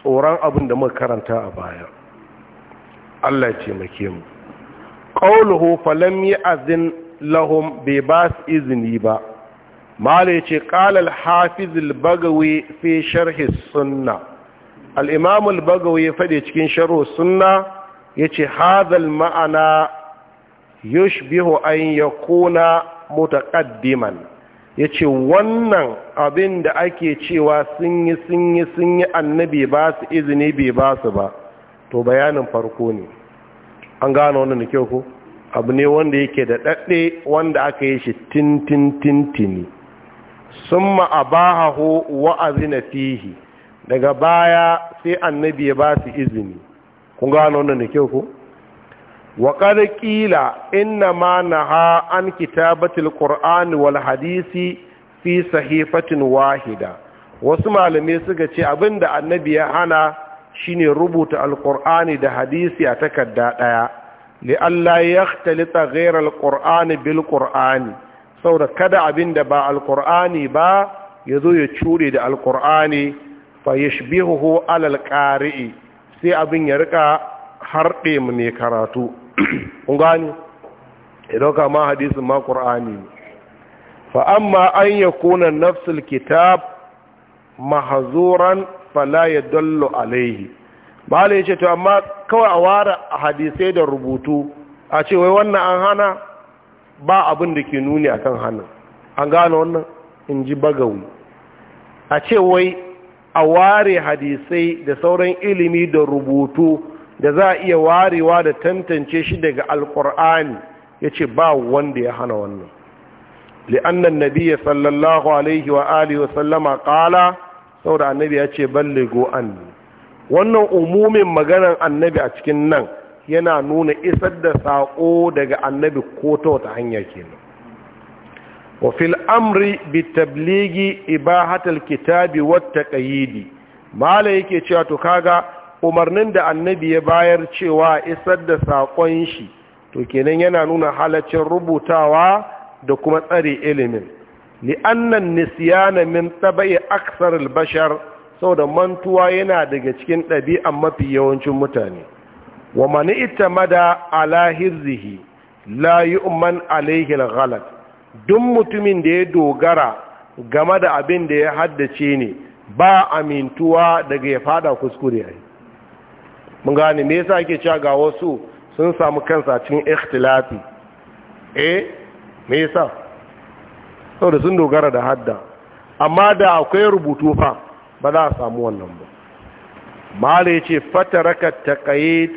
tsoron abin da muka karanta a baya Allah ce make mu ƙauluhu falam yi lahum bai bas izini ba mala ya ce ƙalal hafiz al-bagawi fi sharhi sunna al-imam al-bagawi ya faɗi cikin sharhu sunna ya ce hadal ma'ana yushbihu an yakuna mutaqaddiman ya ce wannan abin da ake cewa sun yi sun yi sun yi annabi ba su izini bai ba su ba to bayanin farko ne an gano wannan da kyau ko abu ne wanda yake da daɗe wanda aka yi shi tintintintini sun ma'abahahu wa'azi na fihi daga baya sai annabi ya ba su izini kun gano wannan da kyau ko wa qad qila ina ma naha an kitabatul ƙur'ani wal hadisi fi sahifatin wahida wasu malamai suka ce abinda annabi ya hana shine rubuta alqur'ani da hadisi a takarda ɗaya. li alla yahtalita ghayra alqur'ani bil qur'ani saboda kada abin da ba alqur'ani ba ya zo ya cure da alqur'ani fa yashbihuhu ala alqari'i sai abin ya rika harɗe mu mai karatu kun gani idan ka ma hadisin ma qur'ani fa amma an yakuna nafsul kitab mahzuran fala ya dallo alaihi bala ya ce to amma kawai a ware hadisai da rubutu a ce wai wannan an hana ba abin da ke nuni akan hana an gano wannan in ji bagawi a ce wai a ware hadisai da sauran ilimi da rubutu da za a iya warewa da tantance shi daga alkur'ani ya ce ba wanda ya hana wannan li'annan nabiya sallallahu alaihi wa alihi wasallama ƙala saboda annabi ya ce an anni wannan umumin maganar annabi a cikin nan yana nuna isar da saƙo daga annabi ko ta wata hanya ke nan. wa fil amri bi tabligi ibahatal kitabi wat taqyidi mala yake cewa to kaga umarnin da annabi ya bayar cewa isar da saƙon shi to kenan yana nuna halaccin rubutawa da kuma tsare ilimin li'annan nisyana min tabai aksar albashar da mantuwa yana daga cikin ɗabi'an mafi yawancin mutane wa mani ita mada ala hirzihi la yu'man alaihi ghalat duk mutumin da ya dogara game da abin da ya haddace ne ba amintuwa daga ya fada kuskure ai mun gane me yasa ake cewa ga wasu sun samu kansa cikin ikhtilafi eh me yasa saboda sun dogara da hadda amma da akwai rubutu fa ba za a samu wannan ba mala ya ce fataraka taƙayyid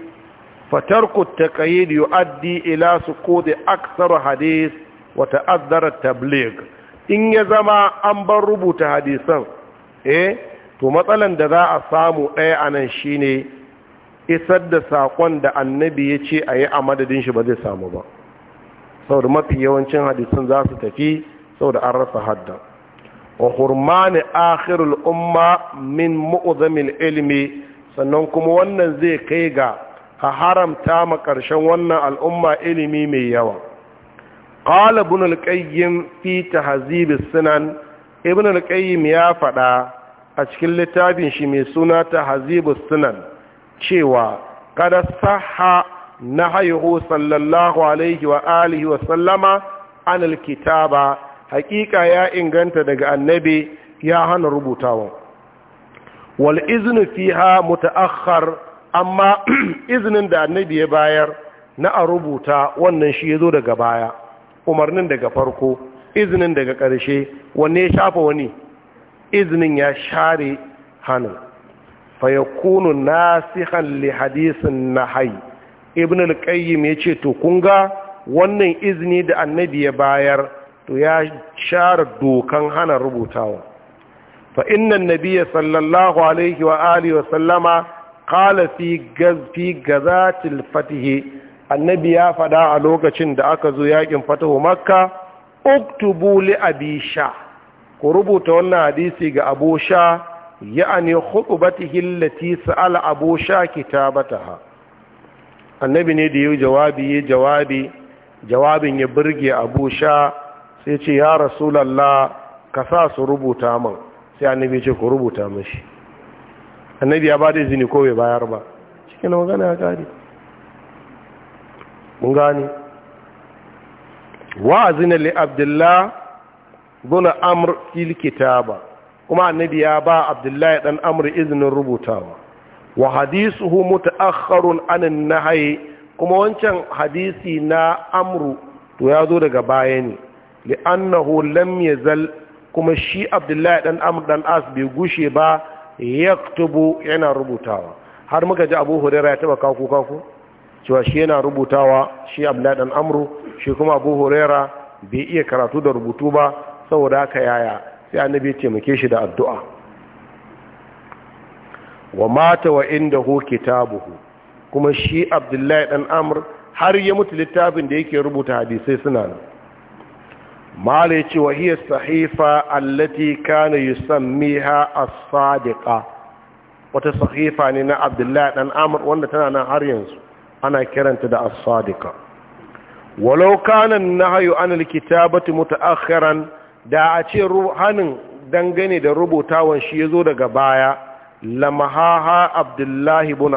fatarku taƙayyid yu'addi ila su kodi aksar hadis wa ta'azzara tabligh in ya zama an bar rubuta hadisan eh to matsalan da za a samu ɗaya a nan shine isar da saƙon da annabi ya ce a yi a madadin shi ba zai samu ba saboda mafi yawancin hadisan za su tafi saboda an rasa hadda wa hurmani akhirul umma min mu'zamil ilmi sannan kuma wannan zai kai ga a haramta ma ƙarshen wannan al'umma ilimi mai yawa qala ibn al-qayyim fi tahzib sunan ibn al-qayyim ya faɗa a cikin littafin shi mai suna tahzib sunan cewa kada sahha nahayuhu sallallahu alaihi wa alihi wa sallama an al-kitaba hakika ya inganta daga annabi ya hana rubutawa wal iznu fiha mutaakhkhar amma iznin da annabi ya bayar na a rubuta wannan shi yazo daga baya umarnin daga farko iznin daga ƙarshe wanne ya shafa wani iznin ya share hannu fayakunu nasihan li hadisin nahai ibn al-qayyim yace to kunga wannan izini da annabi ya bayar to ya share dokan hana rubutawa fa innan nabiyya sallallahu alaihi wa alihi wa sallama qala fi gazfi gazatil fatih annabi ya fada a lokacin da aka zo yakin fatahu makka uktubu li abisha ku rubuta wannan hadisi ga abusha ya'ani khutbatihi allati sa'ala abu kitabataha annabi ne da yau jawabi yayi jawabi jawabin ya burge abusha sai ce ya rasulallah ka sa su rubuta min sai annabi ce ku rubuta mashi annabi ya ba da izini ko bai bayar ba cikin magana ya gari mun gane wa'azina li abdullah guna amr fil kitaba kuma annabi ya ba abdullahi dan amr izinin rubutawa wa hadisuhu muta'akhkharun an an-nahy kuma wancan hadisi na amru to ya zo daga baya ne li'annahu lam yazal kuma shi abdullahi dan amr dan as bai gushe ba yaktubu yana rubutawa har muka ji abu hurairah ya taba kaku kaku cewa shi yana rubutawa shi abdullahi dan amru shi kuma abu hurairah bai iya karatu da rubutu ba saboda haka yaya sai annabi ya taimake shi da addu'a wa mata wa indahu kitabuhu kuma shi abdullahi dan amr har ya mutu littafin da yake rubuta hadisai suna nan mala ya ce wa hiya sahifa allati kana yusammiha a sadiqa wata sahifa ne na abdullahi dan wanda tana nan har yanzu ana kiranta da as-sadiqa walau kana an-nahyu an likita an al kitabati da a ce ruhanin dangane da rubutawan shi yazo daga baya lamahaha abdullahi ibn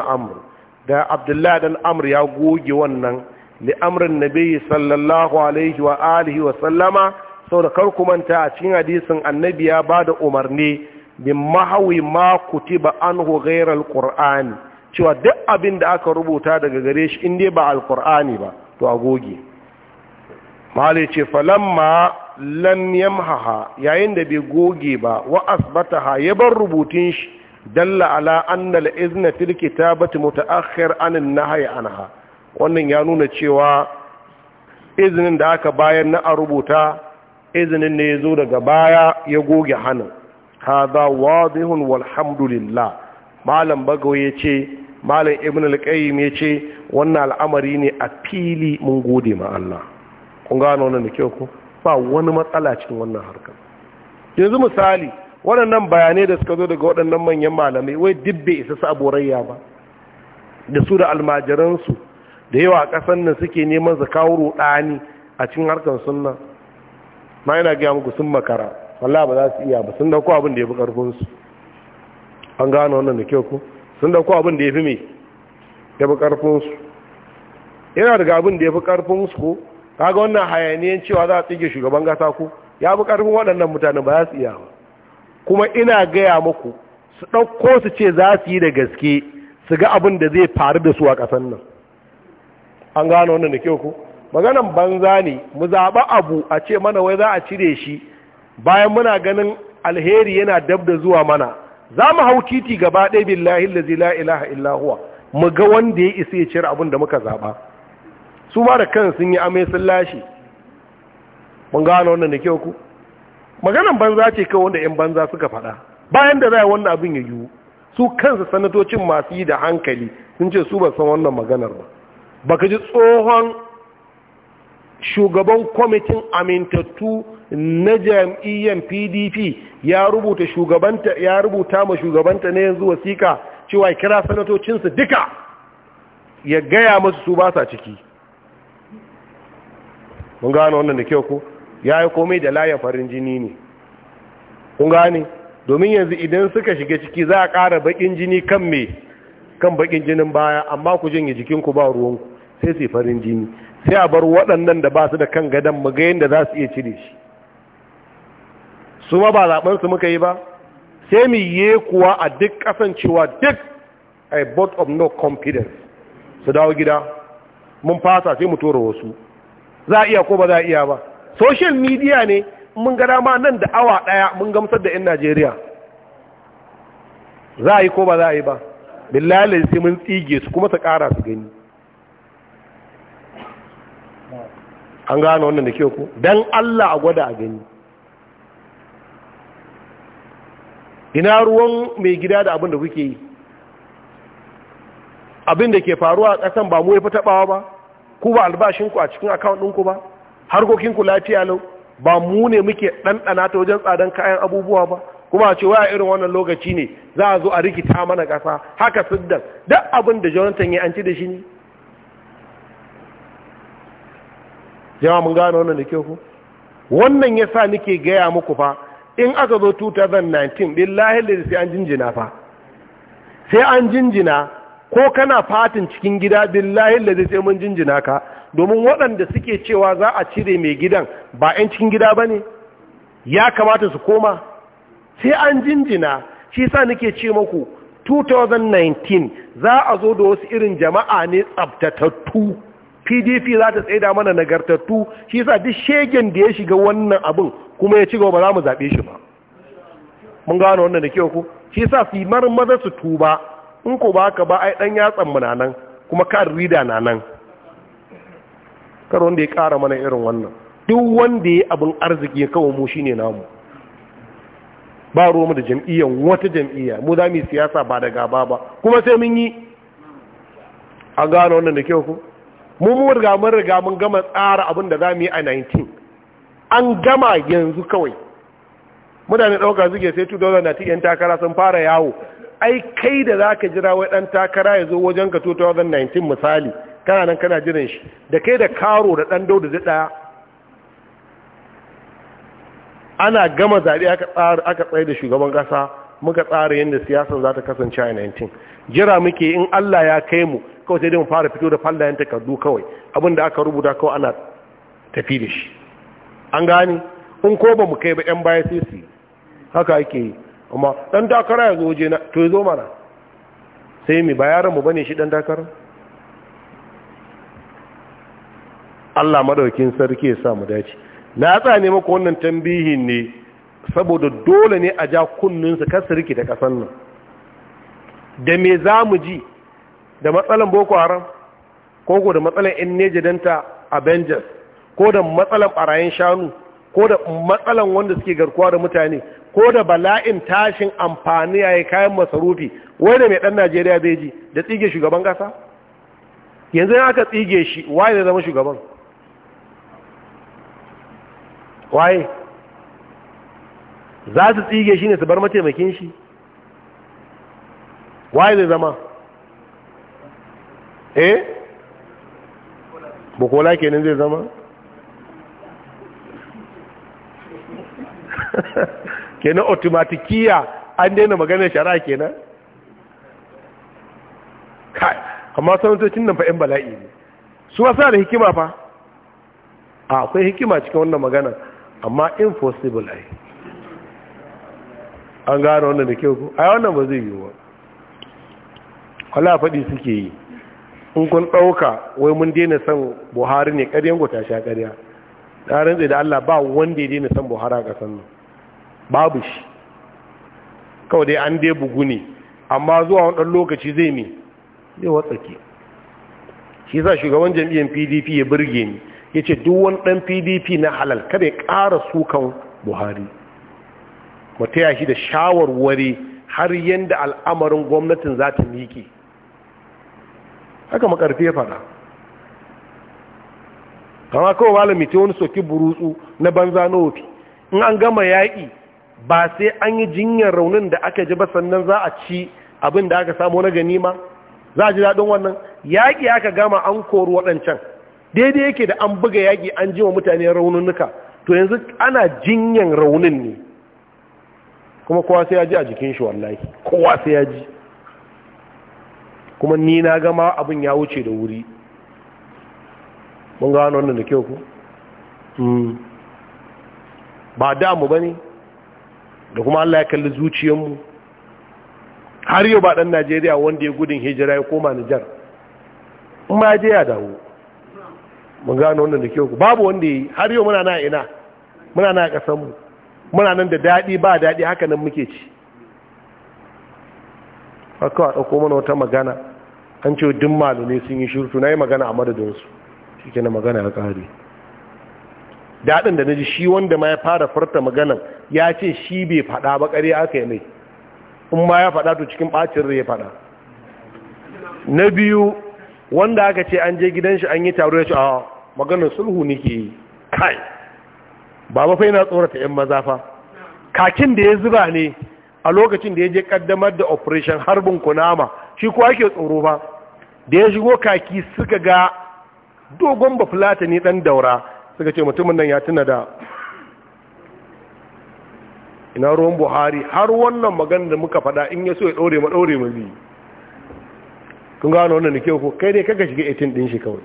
da abdullahi ɗan amr ya goge wannan li'amrin nabi sallallahu alaihi wa alihi wa sallama sau da karku manta a cikin hadisin annabi ya ba da umarni bin mahawi ma kutiba anhu ghairal qur'ani cewa duk abin da aka rubuta daga gare shi in dai ba alqur'ani ba to agoge mali ce falamma lam yamhaha yayin da bai goge ba wa ha ya bar rubutun shi dalla ala anna al-izna fil kitabati mutaakhir an an anha wannan ya nuna cewa izinin da aka bayan na a rubuta izinin ne ya zo daga baya ya goge hannun wa zihun walhamdulillah malam bagawa ya ce malam ibn al ya ce wannan al'amari ne a fili mun gode ma kun gano wannan da kyau ku ba wani matsala cikin wannan harkar yanzu misali waɗannan bayanai da suka zo daga waɗannan manyan malamai wai dibbe isa saborayya ba da su da almajiransu da yawa a ƙasar nan suke neman su kawo ruɗani a cikin harkar sunna ma yana gaya muku sun makara wallah ba za su iya ba sun dauko abin da ya fi ƙarfinsu an gano wannan da kyau ku sun dauko abin da ya fi mai ya fi ƙarfinsu yana daga abin da ya fi ƙarfinsu ko kaga wannan hayaniyan cewa za a tsige shugaban gasa ku ya fi ƙarfin waɗannan mutanen ba za su iya ba kuma ina gaya muku su ɗauko su ce za su yi da gaske su ga abin da zai faru da su a ƙasar nan an gano wannan da kyau ku maganan banza ne mu zaɓa abu a ce mana wai za a cire shi bayan muna ganin alheri yana dab da zuwa mana za mu hau titi gaba ɗaya billahi la ilaha illahuwa mu ga wanda ya isa ya cire abin da muka zaɓa su ma da kan sun yi amai sun lashe mun gano wannan da kyau ku maganan banza ce kawai wanda 'yan banza suka faɗa bayan da za a wannan abin ya yiwu su kansa sanatocin masu yi da hankali sun ce su ba san wannan maganar ba baka ji tsohon shugaban kwamitin amintattu na jam'iyyar pdp ya rubuta shugabanta ya rubuta ma shugabanta na yanzu wasiƙa cewa kira sanatocinsa duka ya gaya masu su ba sa ciki mun gano wannan da kyau ko ya yi komai da layan farin jini ne kun gane domin yanzu idan suka shiga ciki za a ƙara baƙin jini kan me kan baƙin jinin baya amma ku janye jikinku ba ruwanku sai su farin jini sai a bar waɗannan da ba su da kan gadon mu ga yadda za su iya cire shi su ma ba zaɓensu muka yi ba sai mu yi kuwa a duk kasancewa duk a board of no confidence su dawo gida mun fasa sai mu tura wasu za a iya ko ba za a iya ba social media ne mun ga dama nan da awa ɗaya mun gamsar da 'yan najeriya za a yi ko ba za a yi ba billahi sai mun tsige su kuma su ƙara su gani an gano wannan da ke ku don allah a gwada a gani ina ruwan mai gida da abin da kuke yi abin da ke faruwa a ƙasan ba mu ya fi taɓawa ba ku ba albashinku a cikin akawun ɗinku ba harkokinku lafiya lau ba mu ne muke ɗanɗana ta wajen tsadan kayan abubuwa ba kuma ce waya irin wannan lokaci ne za a zo a rikita mana ƙasa haka siddar duk abin da jonathan ya an da shi ne jama mun gano wannan da ke ku wannan ya sa nike gaya muku fa in aka zo 2019 billahi da sai an jinjina fa sai an jinjina ko kana fatin cikin gida billahi da sai mun jinjina ka domin waɗanda suke cewa za a cire mai gidan ba 'yan cikin gida ba ne ya kamata su koma sai an jinjina shi sa nike ce muku 2019 za a zo da wasu irin jama'a ne tsabtatattu pdp za ta tsaida mana nagartattu shi sa duk shegen da ya shiga wannan abin kuma ya ci gaba ba za mu zaɓe shi ba mun gano wannan da kyau ku shi sa su marmaza su tuba in ko ba ka ba ai dan yatsan mu nan kuma ka rida na nan kar wanda ya ƙara mana irin wannan duk wanda ya abin arziki ya kawo mu shine namu ba ruwa mu da jam'iyyar wata jam'iyya mu za mu siyasa ba da gaba ba kuma sai mun yi an gano wannan da kyau ku mu mu riga mun riga mun gama tsara abin da za mu yi a 19 an gama yanzu kawai mutane ɗaukar suke sai 2019 'yan takara sun fara yawo ai kai da za ka jira wai ɗan takara ya zo wajen ka 2019 misali kana nan kana jiran shi da kai da karo da ɗan da zai ɗaya ana gama zaɓe aka tsaye da shugaban ƙasa muka tsara yadda siyasar za ta kasance a 19 jira muke in allah ya kai mu kawai sai dai mu fara fito da fallayen takardu kawai abin da aka rubuta kawai ana tafi da shi an gane in ko ba mu kai ba yan baya sai su haka ake yi amma dan takara ya zo je na to ya zo mana sai mu ba yaran mu bane shi dan takara Allah madaukin sarki ya sa mu dace na ne maka wannan tambihin ne saboda dole ne a ja kunninsa su rike da kasan nan da me za mu ji da matsalan boko haram ko ko da matsalan in neje danta avengers ko da matsalan barayin shanu ko da matsalan wanda suke garkuwa da mutane ko da bala'in tashin amfani yayi kayan masarufi wai da mai dan Najeriya zai ji da tsige shugaban kasa yanzu aka tsige shi waye zai zama shugaban waye za su tsige shi ne su bar mataimakin shi waye zai zama eh bukola kenan zai zama kenan otomatikiya an daina maganar shari'a kenan kai amma sanatocin nan fa yan bala'i ne su wasa da hikima fa akwai hikima cikin wannan magana amma impossible ai an gano wannan da kyau ko ai wannan ba zai yi ba wala faɗi suke yi in kun ɗauka wai mun daina son buhari ne ƙaryan ku ta sha ƙarya na da allah ba wanda ya daina son buhari a ƙasar nan babu shi kawai dai an dai bugu ne amma zuwa wani ɗan lokaci zai mi zai watsake shi sa shugaban jam'iyyar pdp ya burge ni ya ce duk wani ɗan pdp na halal kada ya ƙara sukan buhari Mutaya shi da shawarwari har yadda al'amarin gwamnatin za ta miƙe haka makarfi ya fada kama kawai malami ce wani soki burutsu na banza na wofi in an gama yaƙi ba sai an yi jinyar raunin da aka ji ba sannan za a ci abin da aka samu na gani ganima za a ji daɗin wannan yaƙi aka gama an kori waɗancan daidai yake da an buga yaƙi an ji wa mutane raununuka to yanzu ana jinyan raunin ne kuma kowa sai ya ji a jikin shi wallahi kowa sai ya ji kuma ni na gama abin ya wuce da wuri mun gano wannan da kyau ku hmm. ba damu ba ne da kuma Allah ya kalli zuciyarmu har yau ba dan najeriya wanda ya gudun hijira ya koma nijar in ma je ya dawo mun gano wannan da kyau ku babu wanda ya yi har yau muna na ina muna na mu muna nan da daɗi ba daɗi haka nan muke ci haka a ɗauko mana wata magana an ce duk malumai sun yi shirtu na yi magana a madadinsu shi ke na magana ya ƙare daɗin da na ji shi wanda ma ya fara farta maganan ya ce shi bai faɗa ba ƙari aka yi mai in ma ya faɗa to cikin ɓacin rai ya faɗa na biyu wanda aka ce an je gidan shi an yi taro ya ce a maganar sulhu ke yi kai ba ba tsorata 'yan maza fa kakin da ya zuba ne a lokacin da ya je kaddamar da operation harbin kunama shi kuwa ke tsoro ba da ya shigo kaki suka ga dogon ba fulata ne dan daura suka ce mutumin nan ya tuna da ina ruwan buhari har wannan magana da muka fada in ya so ya ɗore ma ɗore ma biyu kun gano wannan nake ko kai dai kaga shiga 18 din shi kawai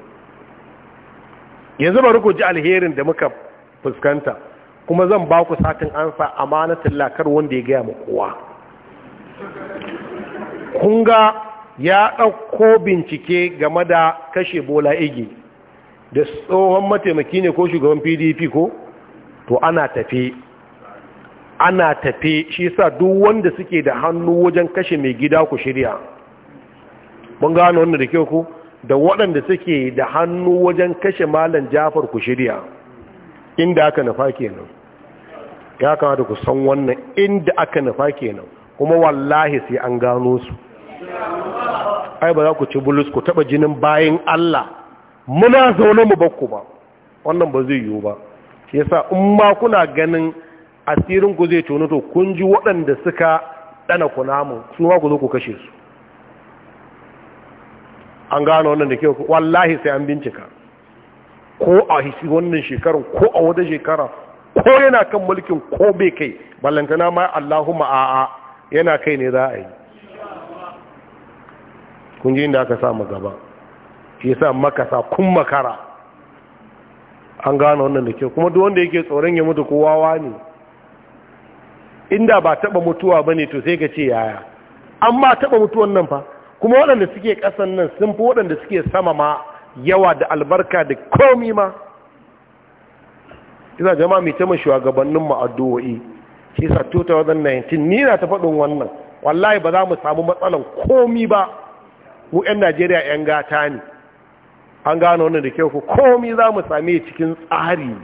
yanzu bari ku ji alherin da muka fuskanta kuma zan ba ku satin ansa amanatin lakar wanda ya gaya ma kowa kunga ya ɗauko bincike game da kashe bola igi da tsohon mataimaki ne ko shugaban pdp ko to ana tafi ana tafi shi sa duk wanda suke da hannu wajen kashe mai gida ku shirya mun gano wanda da kyau ku da waɗanda suke da hannu wajen kashe malam jafar ku shirya inda aka nufa kenan ya kamata ku san wannan inda aka nufa kenan kuma wallahi sai an gano su ai ba za ku ci bulus ku taba jinin bayan Allah muna zaune mu bakku ba wannan ba zai yiwu ba shi yasa in ma kuna ganin asirin ku zai tono to kun ji waɗanda suka dana namu? su ma ku zo ku kashe su an gano wannan da kyau wallahi sai an bincika ko a hisi wannan shekarar ko a wata shekara ko yana kan mulkin ko bai kai ballantana ma Allahumma a'a yana kai ne za a yi kun inda aka sa mu gaba shi sa makasa kun makara an gano wannan da ke kuma duk wanda yake tsoron ya mutu kowawa ne inda ba taba mutuwa ba ne, to sai ka ce yaya amma taba mutuwan nan fa kuma waɗanda suke ƙasan nan sun fi waɗanda suke sama ma yawa da albarka da komi ma ina jama'a mai taimaka shugabannin mu addu'o'i shi sa 2019 ni na ta faɗin wannan wallahi ba za mu samu matsalan komi ba mu 'yan najeriya 'yan gata ne an gano wani da kyau ku komi za mu same cikin tsari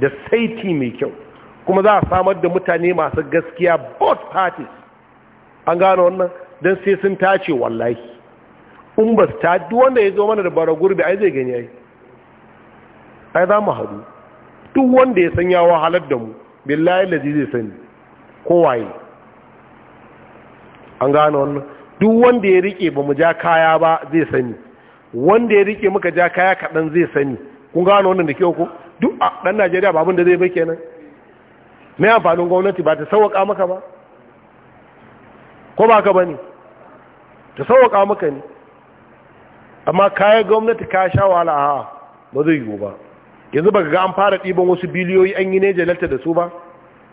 da saiti mai kyau kuma za a samar da mutane masu gaskiya both parties an gano wannan don sai sun tace wallahi ta duk wanda ya zo mana da bara gurbi ai zai gani ai ai za mu haɗu duk wanda ya san ya wahalar da mu billahi lazi zai sani ko waye? an gane wannan duk wanda ya rike ba mu ja kaya ba zai sani wanda ya rike muka ja kaya kaɗan zai sani kun gane wannan da kyau ko duk a ɗan najeriya ba abin da zai bai kenan mai amfanin gwamnati ba ta sauwaƙa maka ba ko ba ka ba ne ta sauwaƙa maka ne amma kayan gwamnati ka sha wahala a ba zai yiwu ba yanzu ba ga an fara ɗiban wasu biliyoyi an yi ne jalalta da su ba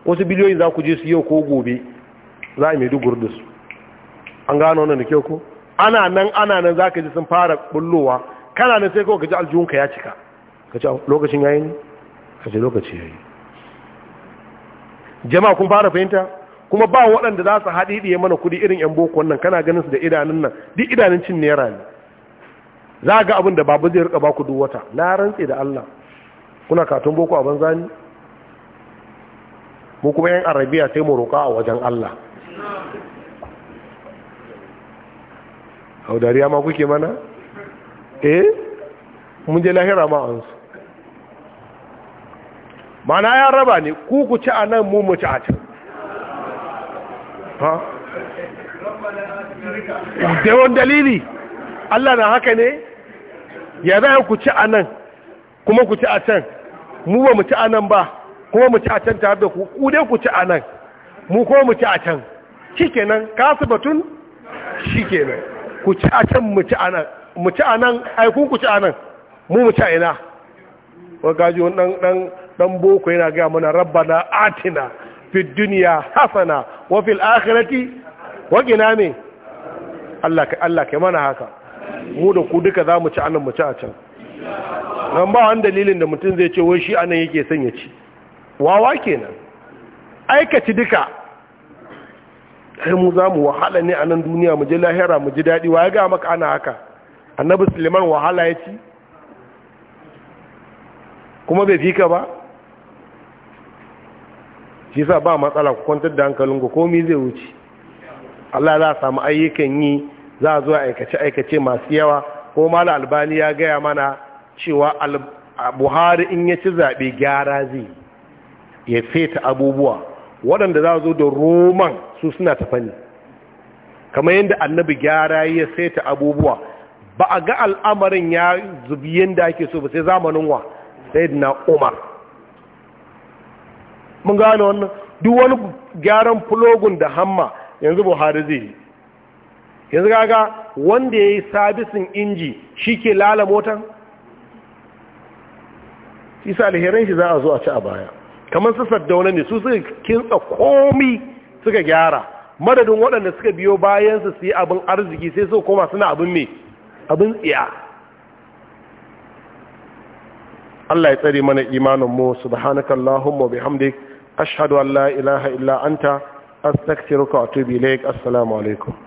wasu biliyoyi za ku je su yau ko gobe za a mai dugur da su an gano wannan da kyau ko ana nan ana nan za ka ji sun fara bullowa kana nan sai kawai ka ji aljihunka ya cika ka ci oh, lokacin yayi ka ce lokaci yi jama'a kun fara fahimta kuma ba waɗanda za su haɗi ɗiye mana kuɗi irin yan boko wannan kana ganin su da idanun nan duk idanun cin naira ne za ga abin da babu zai rika baku duk wata na rantse da Allah kuna katon boko a banza ni mu kuma yan arabiya sai mu roƙa a wajen Allah hau dariya ma kuke mana eh mun je lahira ma an su mana ya raba ne ku ku ci a nan mu mu ci a can ha da yawan dalili Allah na haka ne ya za ku ci a nan kuma ku ci a can mu ba mu ci a nan ba kuma mu ci a can tare da ku ku dai ku ci a nan mu kuma mu ci a can shikenan kasu batun nan, ku ci a can mu ci a nan mu ci ku ci a nan mu mu ci a ina wa gaji wani dan dan boko yana gaya mana na atina fi duniya hasana wa fil akhirati wa gina ne? Allah ke mana haka mu da ku duka za mu ci anan mu ci a can nan ba wani dalilin da mutum zai ce wai shi anan yake son ya ci wawa kenan aikaci duka sai mu za mu wahala ne a nan duniya mu ji lahira mu ji daɗi wa ya ga maka ana haka annabi suleiman wahala ya ci kuma bai fika ba shi sa ba matsala ku kwantar da hankalinku komi zai wuce Allah za samu ayyukan yi za a zo aikace-aikace masu yawa ko mala albani ya gaya mana cewa buhari in ya ci zaɓe gyara zai ya feta abubuwa waɗanda za a zo da roman su suna tafani kamar yadda annabi gyara ya feta abubuwa ba a ga al'amarin ya zubi yadda ake so ba sai zamanin wa sai na umar mun gane wannan duk wani gyaran fulogun da hamma yanzu buhari zai yi yanzu kaga wanda ya yi sabisin inji shi ke lala motan isa alherin shi za a zo a ci a baya kamar su saddauna ne su suka kinsa komi suka gyara madadin waɗanda suka biyo bayan su yi abin arziki sai su koma suna abin mai abin tsiya Allah ya tsare mana imanin mu subhanaka allahumma bihamdik ashhadu ashadu Allah ilaha illa anta astaghfiruka wa tubi ilaik assalamu alaikum